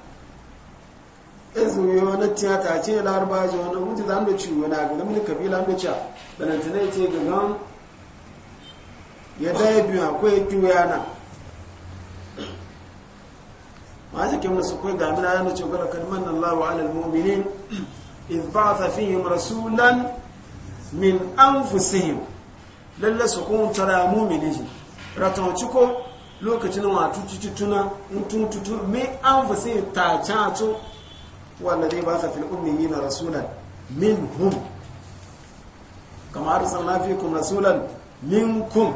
S1: izu yo na tiya ta ce larba ji wani wuce za mu ciwo na ga gamin kabila mu ci banan tana ce ga gan ya dai biyu akwai kiwa na ma ji kin su kai ga mina yana ce gara kalman Allahu ala almu'minin iz ba'atha fihim rasulan min anfusihim lalle su kun tara muminin ratan ciko lokacin wa tututuna mutum tutu min anfusihim ta to هو الذي بعث في الأميين رسولا منهم كما أرسلنا فيكم رسولا منكم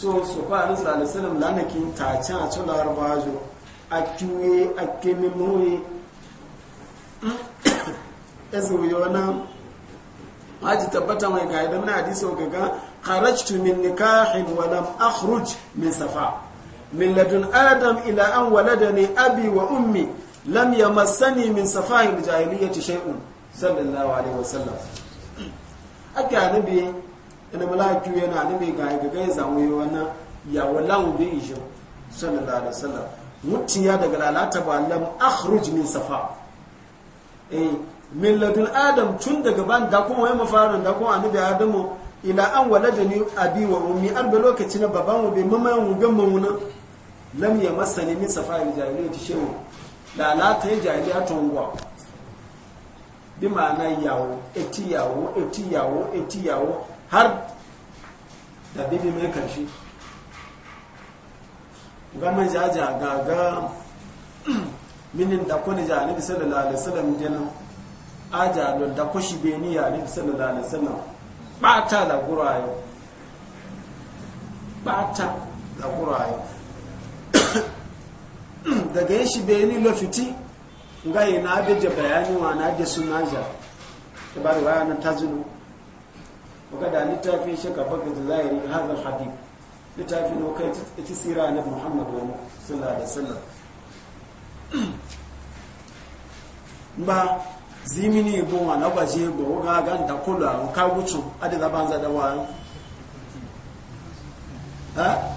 S1: so so kwa alayhi sallallahu lanakin ta ci a tula arbajo a kiwe a kemi muri ezu yona haji tabbata mai ga idan na hadisi ga ga kharajtu min nikahin wa lam akhruj min safa min ladun adam ila an waladani abi wa ummi lam yamassani min safahin jahiliyyati shay'un sallallahu alaihi wasallam aka nabi ina malaki yana nabi ga ga ga zamu wannan ya wallahu bi ijo sallallahu alaihi wasallam mutiya daga lalata ba lam akhruj min safa eh min ladul adam tun daga ban da kuma wai mafarin da kuma annabi adamu ila an waladani abi wa ummi an da lokacin baban mu bai mamayan mu gamman mu lam yamassani min safa jahiliyyati shay'un lalata a tongwa bi ma'ana yawo eti yawo eti yawo eti yawo har da bibi mai karshe gama jaja gaga minin da kone ja nabi sallallahu alaihi wasallam jinin aja don da kushi beni ya nabi sallallahu alaihi wasallam bata da gurayo bata da gurayo Hmm, daga yin shi bai bayani lafiti ga yi na abinda bayani wa na da suna ja ta bari waya na ta zulu ga da littafin shaka baka da zahiri hazar hadib littafin na kai ta sira na muhammadu wani sallallahu da wasallam ba zimini bo wa na gbaji egbo ga ga da kula a nka gucu adịla banza da wa ha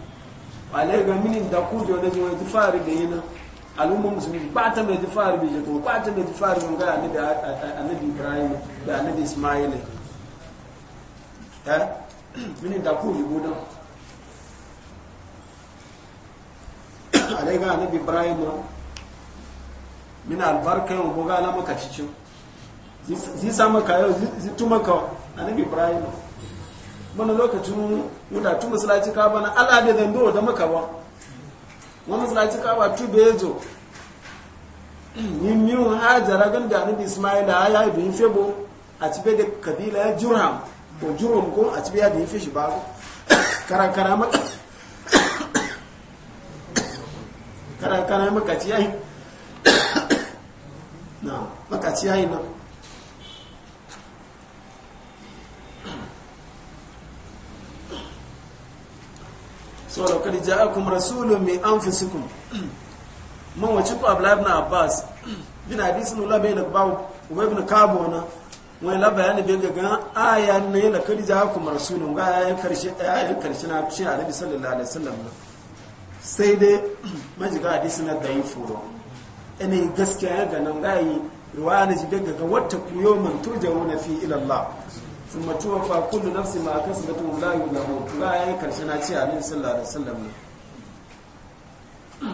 S1: alai ga minin da ku da wani wani da yana al'umma musulmi ba ta mai fari bai jato ba ta mai fari mun eh? ga annabi ibrahim da annabi ismail eh minin da ku ribo dan alai ga annabi ibrahim min albarka yau boga na maka cicin zai sa maka yau zai tuma ka annabi ibrahim mana lokacin wuta tun musulaci ka bana ala da zando da maka ba wani musulaci ka ba tu da ya zo yin yiwu hajjara gan da annabi ismaila ya yi bin febo a cibe da kabila ya jura ko jura ko a cibe ya fi shi ba karakara maka karakara maka ciyayi na maka ciyayi na so da kadi ja'akum rasulun min anfusikum mun wace ku abla ibn abbas bin hadisin la bayna babu ubay ibn kabo na wani la bayani bai gaga aya ne la kadi ja'akum rasulun ga ayan karshe ayan karshe na ce annabi sallallahu alaihi wasallam sai dai majiga hadisin da yi furo ene gaskiya ga nan ga yi ruwa na ji daga ga wata kuyo man na fi ila allah sun mace wafa kullu nafsi ma akan su batun la yi lahu la ya yi karshe na ce anin sallallahu alaihi wasallam ne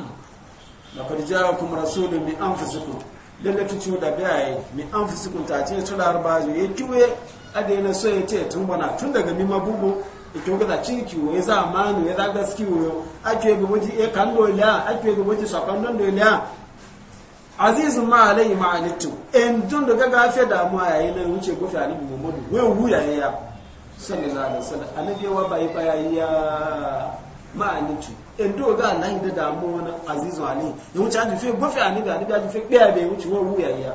S1: laqad ja'akum rasulun min anfusikum lalle tuci da bayaye min anfusikum ta ce da larba zo ya kiwe adena so ya ce tun bana tun daga mi mabugo ito ga ci kiwo ya zamanu ya zaga skiwo ake ga waje e kando ya ake ga waje sakon don ya. azizu ma alai ma anitu en don nan wuce gofe muhammadu wai ya ya sallallahu alaihi wasallam wa bai ya ma en do ga nan da damuwa na azizu ali ya wuce an fe gofe fe wuce wai ya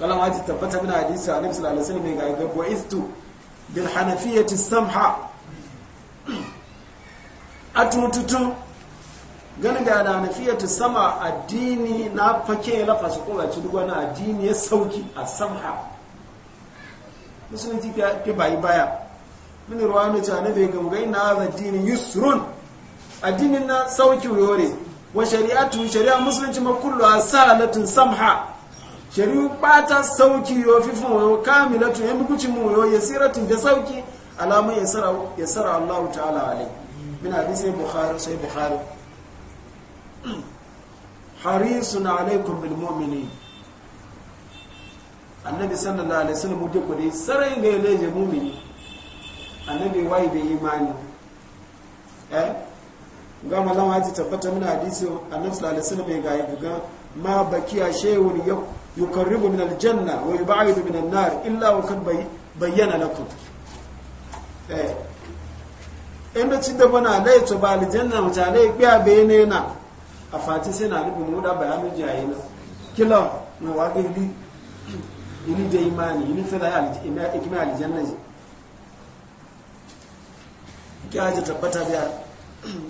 S1: kala ma ji tabbata min hadisi sallallahu alaihi wasallam ga bil samha atututu ganin ga da fiye ta sama addini na fake lafa su kowa ci duk wani addini ya sauki a samha musulunci ke bayi baya mini ruwa na ta bai gangai na addini yusrun addini na sauki wuyore wa shari'atu shari'a musulunci ma kullu asalatin samha shari'u bata sauki yo fifin wa kamilatu ya bukuci mu yo siratun da sauki alamun ya sara Allah ta'ala alai min hadisi bukhari sai bukhari harisun alaikun bilmomini mu'minin annabi sallallahu alaihi wasallam duk kudi sarai ga leje mu'mini annabi wai da imani eh ga malama ji tabbata muna hadisi annabi sallallahu alaihi wasallam ga yi ga ma bakiya shay'un yuqarribu min aljanna wa yub'idu min an-nar illa wa kad bayyana lakum eh inda cin da bana lai to ba aljanna mutane biya bayyana a fati sai na nufin da bayanin jayi na kila na waƙi ili ili da imani ili fila ya ikimi aljanna ji kyaji tabbata biya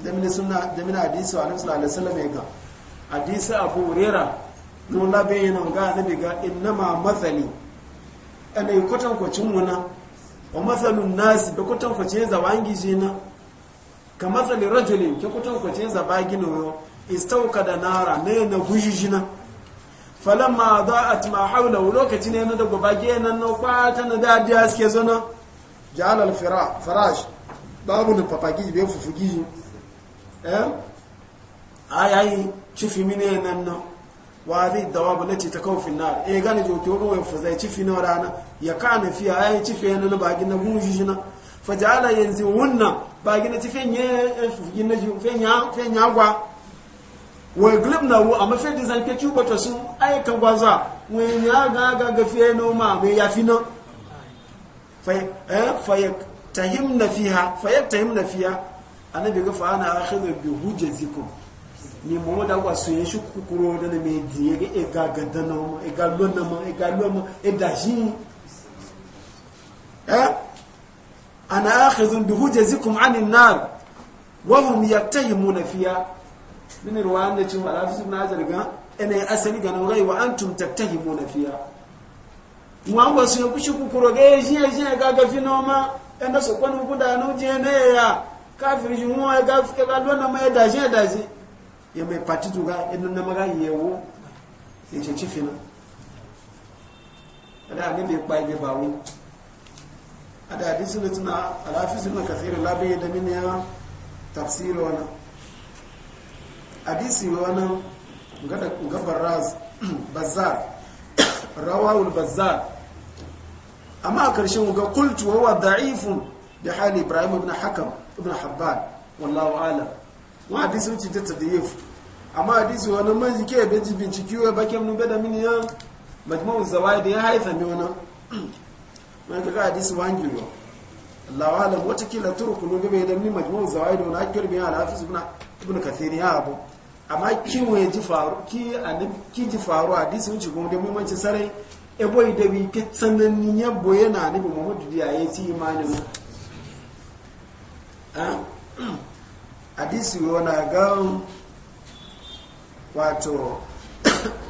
S1: damini suna damini hadisi a alaihi wasallam ya ga hadisi abu hurera nuna bayyana ga nabi ga ina innama matsali ana yi kwatankwacin wuna wa matsalin nasi da kwatankwacin zawa an gishi na ka matsalin rajulin ke kwatankwacin zaba gina yau istauka da nara ne na gujijina ma za a da'at ma haula lokacin yana da gobage nan na kwata na dadi aske zona ja'al al firash babu da papagi be fufugi eh ayayi cifi mine nan na wa zai wadi dawabu lati takaw fi nar e eh, gane jo to go fu ya cifi na rana ya kana fi ayayi cifi yana na bagin na gujijina faja'ala yanzu wunna bagin na cifi ne eh, fufugi na ju fenya ya gwa wai glib na ruwa amma fedi zanke ci bata sun ayyukan gwaza wai ya ga ga gafiye ma mai ya fi nan fayaktahim eh, na fiha fayaktahim na fiha annabi ga fa ana akhiru bi hujjatikum ni mo da wa sun yi kukuro da na mai diye ga e ga ga dana mo e ga lona mo e ga lona e da shi eh ana akhiru bi hujjatikum anin nar wa hum yaktahimuna fiha min ruwan da cewa alhafiz ibn hajar ga ene asali ga nan rai wa antum tattahimuna fiya wa wa su kushi ku kuroge ji ji ga ga fi noma enda so kwani ku da no je ne ya kafiri ji mu ga ga ga lona mai da je da ji ya mai patitu ga in na maga yewo ya ce ci fina ada ne bai pai bai bawo ada hadisi ne tuna alhafiz na kathir labi da min ya tafsir wana hadisi wani gabar ras bazar rawawul bazar amma a ƙarshen ga kultu wa da'ifun da hali ibrahim ibn hakam ibn habban wallahu ala wa hadisi wuce ta da amma hadisi wani man ke be binciki wa bakin mun bada mini yan majmu'u da ya haifa mai wani wani kaka hadisi wangi wa Allahu alam wata kila turku no ga be da ni? majmu'u zawaid wa na kirbi al hafiz ibn ibn ya abu amma kiwo ya ji faru ki annabi ki ji faru hadisi wuce kuma da muhimmanci sarai e boy da bi ke tsananin yabo yana annabi Muhammadu da yayi ti imanin ah hadisi wana ga wato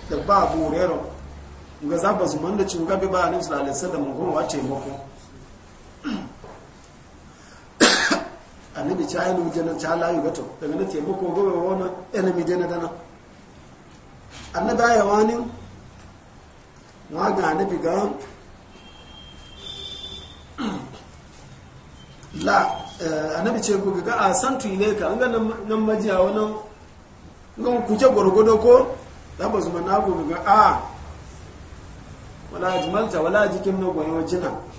S1: da babu rero ga zaba zuman da cin gabe ba annabi sallallahu alaihi wasallam gon wace mako annabi cha ilu jana cha la yugato daga na taimako gobe wona enemy dana dana annabi ya wani wa ga annabi ga la eh, annabi ce gobe ga a santu ilaika an ga nan majiya wannan ngon ku ce gurgudo ko da ba zuma na gobe ga a wala ajmalta wala jikin na gwayo jinan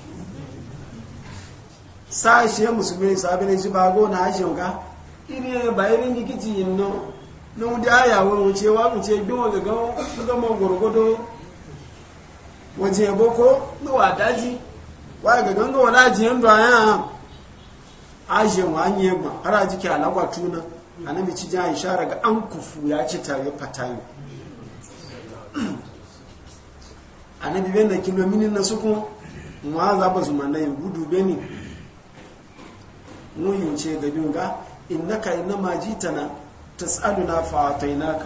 S1: sashe musulmi sabi ne ji bago na ajin ga iri bayan rikici yin no na wudi ayawa wuce wa wuce bi wa gaga gama gwargwado waje boko wa daji wa gaga ga wala jiyan da ya ajin wa anye ma har aji ke alagwa tuna annabi ci jan ishara ga an kufu ya ci tare fatayi annabi bai na kilomini na suku za ba su gudu muhim ce ga biyu ga innaka inama jitana tas'aluna fa atainaka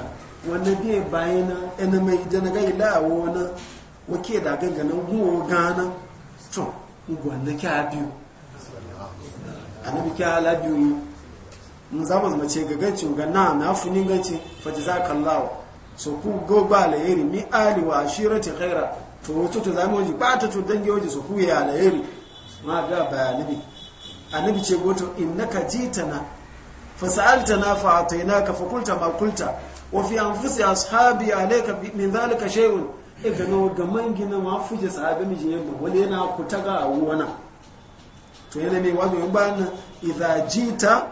S1: wanda biye bayana ina mai dana na gai lawo na wake da gangana guwa gana to gwanna kya biyu annabi kya ala biyu mun zama zama ce gaganci ga na na funin ganci fa jazakallahu so ku go ba la yiri mi ali wa ta khaira to wato to zama waje ba ta to dangi waje so ku ya la yiri ma ga bayanibi annabi ce goto innaka jitana fasaltana fa atainaka fa qulta ma qulta wa fi anfusi ashabi alayka min zalika shay'un igano e ga mangina ma fuje sahabi mi je yamma wale yana kutaga wana to yana mai wani bana idza jita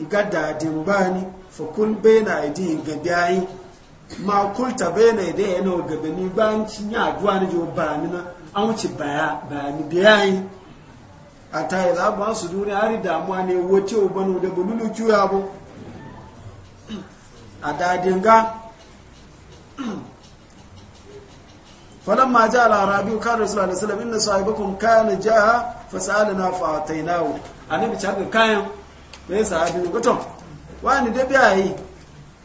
S1: igada dimbani fa kul baina aidi gabiyi ma kulta baina idai yana gabani ban cinya addu'a ne jo bani na an wuce baya bani biyayi A ata idza ba su duni hari damuwa ne wace ubanu da bululu kiwa bo a dadinga falamma ja al-arabi ka rasul sallallahu alaihi wasallam inna sahibakum kana na fasalna fa atainahu annabi ta ga kayan me sahabi ko to wani da biya yi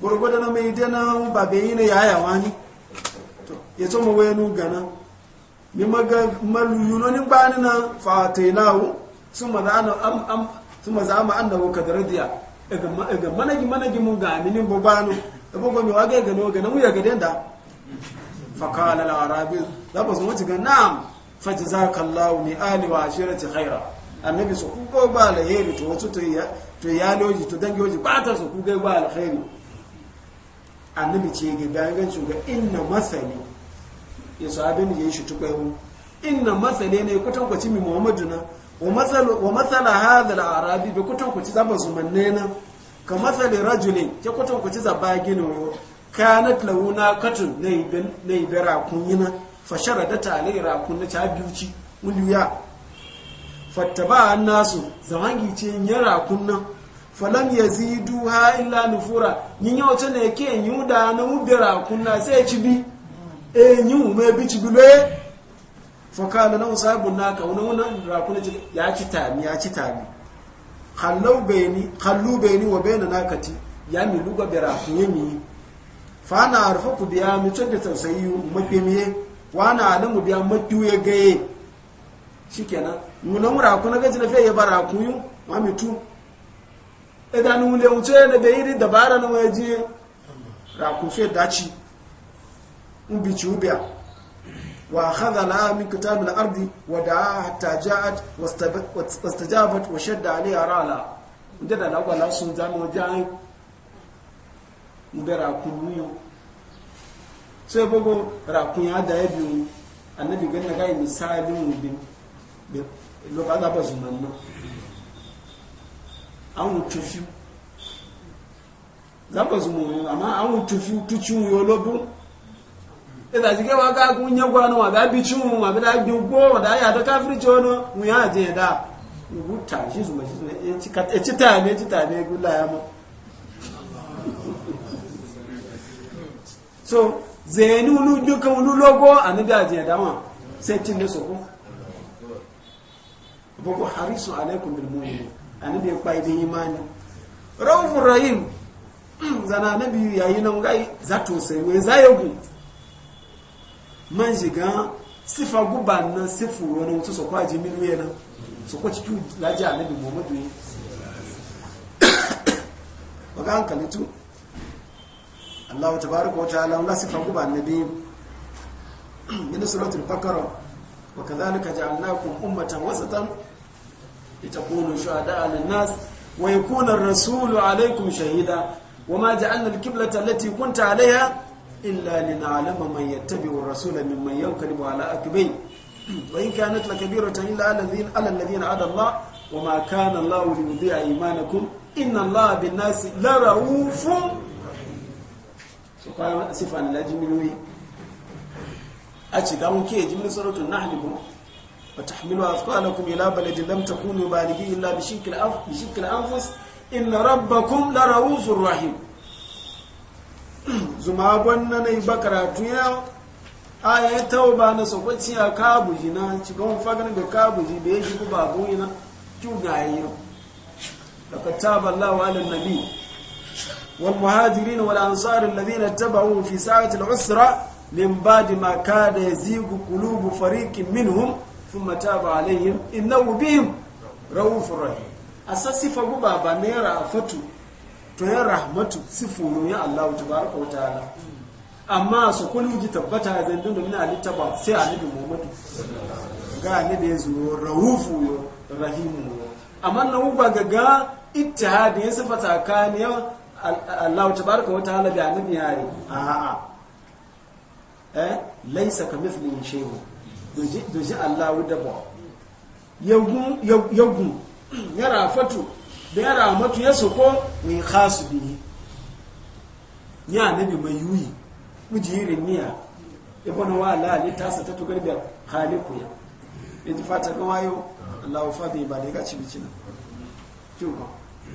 S1: gurgudu na mai dana babe yi ne yaya wani to ya to mu wayanu gana mi maga malu yuno ni bani na fa atainahu suma za mu am ka da radiya ga managi managi mun ga aminin babanu da bogo mi wage ga gano ga namu ya ga denda fa qala al arabi da ba sun ga na'am fa jazakallahu ni ali wa ta haira annabi su ku go ba la yeri to wasu to ya to ya loji to dangi loji ba ta su ku ga ba al khairi annabi ce ga gancin ga inna masani ya sahabin ya yi shi mu inna Masani ne kwatankwacin mai muhammadu na wa matsala hadha da arabi bai kutun ku zaba zumanne na ka matsali rajulin ke kutun ku zaba gini na kanat na katun na rakun yi yina fashara da alai rakun na ta biuci ba fattaba nasu zaman ce yin rakun nan ya yazidu ha illa nufura yin yawa ta ne ke yi da na rakun na sai ci bi e yi ume bi ci bi fakala na usabun naka wani wani rakuna ya ci tami ya ci tami kallu ni wa na kati, ya mi luga bi rakun ya mi fa na arfa ku biya mi da tausayi miye wa na alamu biya ya gaye shikenan munan rakuna gaji na fiye ya ba rakun yi ma mi tu idan wule wuce na bayiri dabara na waje rakun fiye daci ubi ci ubiya وأخذ لها من كتاب الأرض ودعاها حتى جاءت واستجابت وشد عليها رألا ندر الأول لا سنزام وجاي ندر أكونيو sai bugu rakun ya da ya biyu annabi ganin gai misalin mubin lokacin da ba zuman nan an wuce fi za ba zuman amma an wuce fi tucin yolobin ita jike wa ka kun nye gwanu wa ga bi chun wa bi da bi go wa da ya da kafiri chono mu ya je da mu ta shi su shi su e ci ka e ci ta ne ci ta ne gula ya mu so zenu lu ju kan lu logo an da je da wa sai tin ne so ko boko harisu alaikum bil mu'minin an bi kwai da imani rawfur rahim zana nabi yayi nan gai zato sai man shiga sifa guba nan sifu wani wasu su kwaji milu yana su kwa cikin laji annabi muhammadu ne baka hankali tu allahu tabaraka wa ta'ala wala sifa guba annabi min suratul baqara wa kadhalika ja'alnakum ummatan wasatan shi a da'alin nas wa yakuna ar-rasulu 'alaykum shahida ji جعلنا الكبلة التي kunta alaiya illa lina'lama man yattabi'u rasula mimman yanqalibu ala akbai wa in kanat lakabiratan illa alladhina ala alladhina ada Allah wa ma kana Allah liyudhi'a imanakum inna Allah bin nasi la raufun so kwa sifan la jimiluwi a ci gamun ke jimil suratul nahl bu la raufur rahim zuma gwanna na yi bakaratu ya aya ya ba na sokwaci a kabuji na cikin fagar da kabuji da ya shigo ba buyi na kyau ga yi yau daga taba Allah alin nabi wal muhajiri na wala ansarin nabi na taba wun fi sa'ati al'usra min ba di maka da ya zigu kulubu farikin minhum sun mata ba alayhim inna wubihim rahufin rahim a sassifa guba ba naira a fatu to yin rahmatu sifurin ya Allah wuce ba wa ta'ala amma su kuli ji tabbata a zai dundun na halitta ba sai a nabi muhammadu ga ne da ya zuwa rahufu yo rahimu yo amma na uba ga ga ittihadin ya sifa tsakanin Allah wuce ba wa ta'ala da annabi yare a'a eh laisa ka mithlihi shay'un doji doji Allah wuda ba yagun yagun ya rafatu da ya ramatu ya soko mai kasu biyu ya nabi mai yuyi mujirin niya ibn wala ne tasa ta tukar da haliku ya ji fata ga wayo Allah fa bai ba da gaci bicin kyuka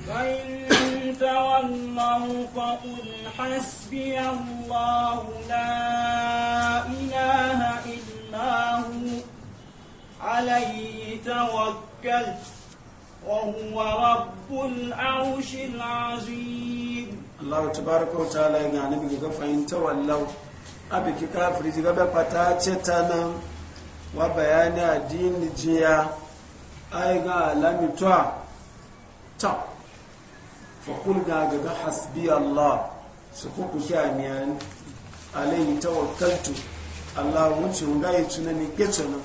S2: فإن تولوا فقل عليه توكلت وهو رب العرش
S1: العظيم الله تبارك وتعالى يعني بيجا فإن تولوا أبيك كافر جيجا بقتا تشتنا وبيان الدين جيا أيغا لم يتوى تا فقل غاغا حسبي الله سكوكو شاميان عليه توكلت الله وانشي ونغاية تنمي كتنا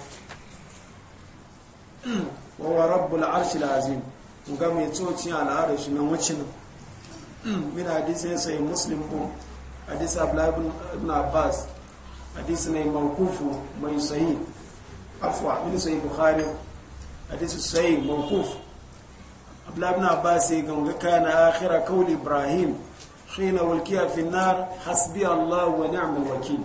S1: wawa rabbul arshil azim ga mai tsoci al'arashi na wacin min hadisi sai sayi muslim ko hadisi abdullahi ibn abbas hadisi ne mawkufu mai sayi afwa min sayi bukhari hadisi sayi mawkuf abdullahi ibn abbas ya ganga kana akira kauli ibrahim hina walkiya finar nar hasbi allah wa ni'mal wakil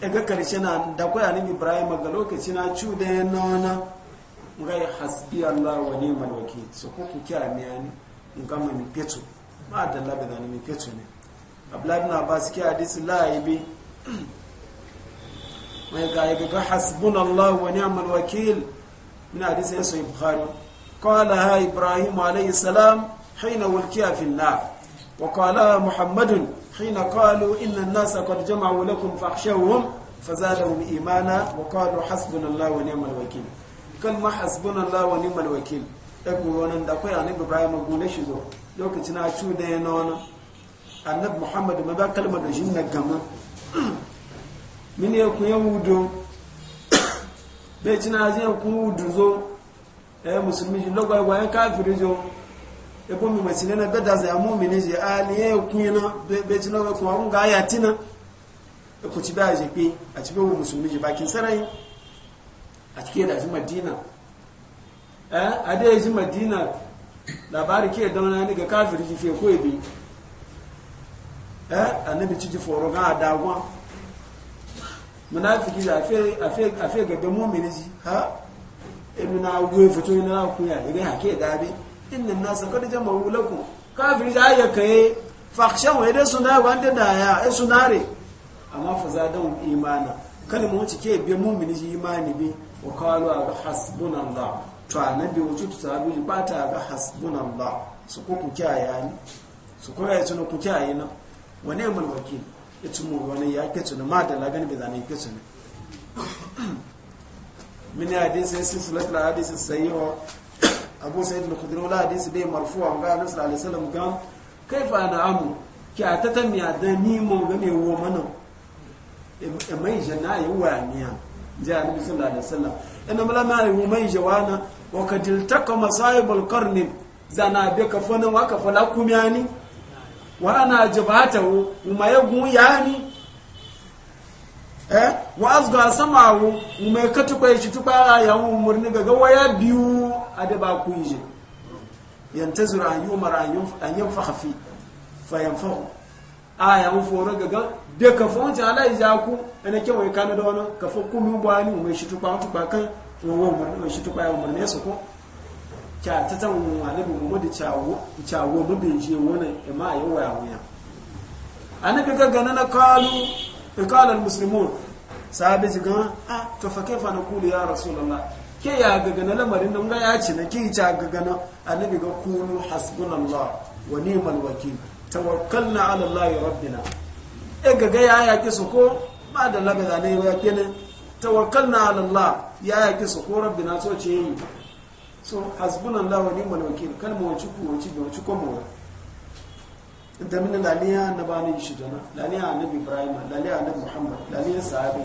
S1: ga karshe na da koyanin ibrahim ga lokaci na cuɗe nona ngai hasbi Allah wa ni'mal wakil so ko ku kya mi yani ngama mi petu ma da labe da mi petu ne Abdullah ibn Abbas ki hadisi la ibi mai ga yaga ga hasbuna Allah wa ni'mal wakil min hadisi sai Bukhari qala ha Ibrahim alayhi salam hina wulkiya fil nar wa qala Muhammadun hina qalu inna an-nasa qad jama'u lakum fakhshawhum fazadahum imana wa qalu hasbuna Allah wa ni'mal wakil kalmar hasbunallah wa ni'mal wakil ɗago wannan da kai annabi Ibrahim gune shi zo lokacin na cu da yana wannan annabi Muhammad ma ba kalmar da shin nan gama min ya ku yahudo bai cina ji ku wudu zo eh musulmi shi logwa wa yan kafiri zo e bo mi masine na beda za mu'mini ji ali ya ku yana bai cina ba ku ga ya tina ku ci ba je pe a ci ba musulmi ji bakin sarai a cike da shi madina eh a da shi madina labari ke da wani ga kafiri ji fe ko ibi eh annabi ci ji foro ga dagwa munafiki da afe afe afe ga da mu'mini ji ha ibn awu fito ina ku ya ga hake da bi inna nasa kad jama'u lakum kafiri da ya kai fakshan wa dai suna wanda da ya ai sunare amma fa da imana kalmar wacce ke bi mu'mini ji imani bi wa kalu aga hasbunallah to annabi wuce to sahabi ba ta aga hasbunallah su ko ku kiyaye ni su ko ya tuno ku kiyaye na wane mun wakil ita mu wani ya ke tuno ma da lagan bi zane ke tuno min hadisi silsilat la hadisi sayyo abu sa'id al-khudri wala hadisi dai marfu'a ga annabi sallallahu alaihi wasallam kan kaifa na amu ki atata mi adani mo ga me wo mana e mai jana yi wa ji a nabi sallallahu alaihi wasallam ina mala ma hu mai jawana wa kadil taka masaibul qarni zana be ka fana wa ka fala kumyani wa ana eh wa azga samahu ma katukai shi tukara ya hu murni ga waya biyu adaba ku yi yantazura an yumar an yanfa fi fa yanfahu aya mu foro gaga de ka fon ta ala ija ku ene ke wai kana dono ka fo ku mu ani mu shi tu pa tu pa kan wo wo mu shi tu pa mu ne so ko cha ta ta mu ma ne mu de cha wo cha wo mu be je wona e ma ya wa ya ana ka gaga na kalu e kala al muslimun sahabi ga ah to fa kaifa naqulu ya rasulullah ke ya gaga na lamarin da mun ga ya ci na ke cha gaga na annabi ga kunu hasbunallah wa ni'mal wakil tawakkalna ala Allah rabbina e gaga ya yaki su ko ba da laga zane ya kene tawakkalna ala Allah ya yaki su ko rabbina so ce yi so hasbunallahu wa ni'mal wakil kalma wace ku wace da wace kuma da min laniya na bani shi dana laniya annabi ibrahim laniya annabi muhammad laniya sahabi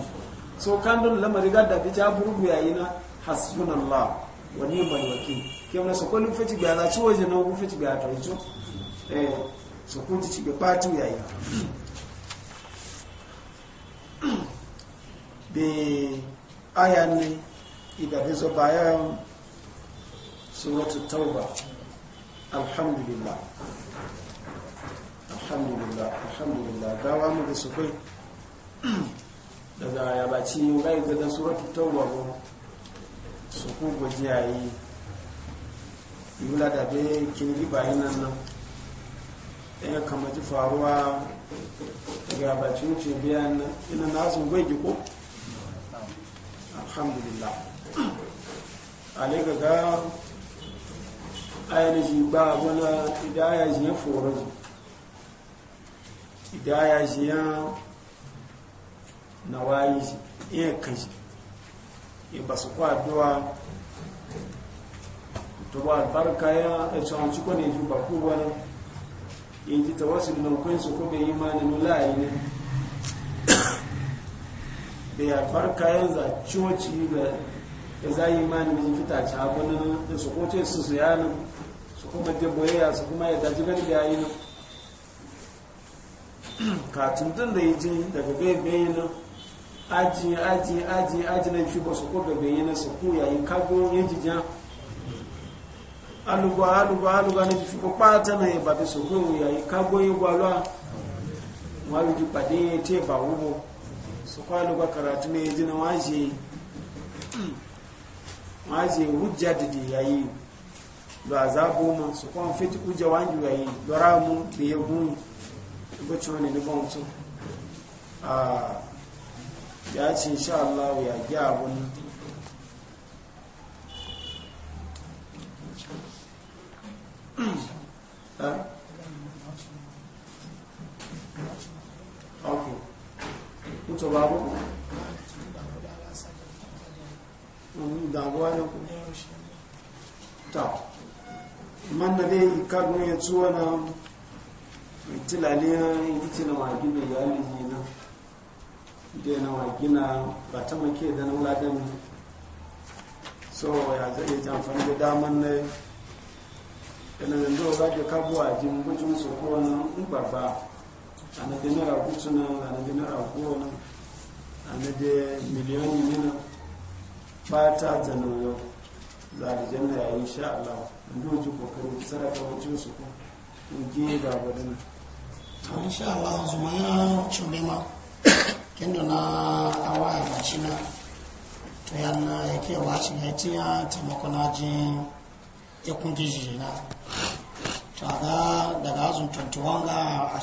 S1: so kan don lamari gadda bi ta burubu yayina hasbunallahu wa ni'mal wakil kemna so kullu fati bi ala ci waje na ku fati bi ala to eh sokuti cibe patu yayi be aya ni igabezo baya suratu tauba alhamdulillah alhamdulillah alhamdulillah dawa mu da su kai daga ya baci ga ga da suratu tauba ko su ku goji yayi yula da bai kin riba nan nan ya kama ji faruwa ga bacin wuce biyan ina nasu gwaji ko alhamdulillah alaika ga ainihi ba wani idaya jiyan ji idaya jiyan nawayi iya kaji ya ba su kwaduwa to ba albarka ya tsawanci kwanin ju ba kowane in ji tawasul nan kwansu ko bai yi mani nula yi ne da ya farka yanzu a coci da ya za yi mani mai fita ci abunan da su koce su su yana su kuma dabboyaya su kuma ya daji garbi ya yi nan katun da yi daga bai bayi nan aji aji aji aji na fi ba su ko da bayi na su ko yayin kago yin jijan alugwa alugwa alugwa ni jifuko pata na eba bi sogo ya ikago igwa lwa walu di pade te ba wubo so kwa alugwa karatu ne jina waje waje hujja didi ya yi lo azabu ma so kwa mfiti kuja wanju ya yi lo ramu biye gun ibo chone ni bon so ah ya ci insha Allah ya gya abun ọkù mútu bá bọ́ ọmọ ìdàgbọ́ ayọ́kù tà mọ́nà dé ìkágun yẹ tí wọ́n náà ìtìlàlẹ́ ìdíkì na wàgí mai yàlì yìí náà dé na wàgí na bàtà so ya zai yi amfani da daman na kana ndo ba ke kabwa jin bujun su ko na baba ana de na kutsuna a de na ko na ana de miliyon ne fata ta noyo za da janna ya insha Allah ndo ji kokari saraka bujun su ko in ji ga wadana to insha Allah zuma ya chume ma
S2: kendo na awaya machina to yana yake washi ne tiya taimako na jin ya kungi jirina. to ga daga azun 21 ga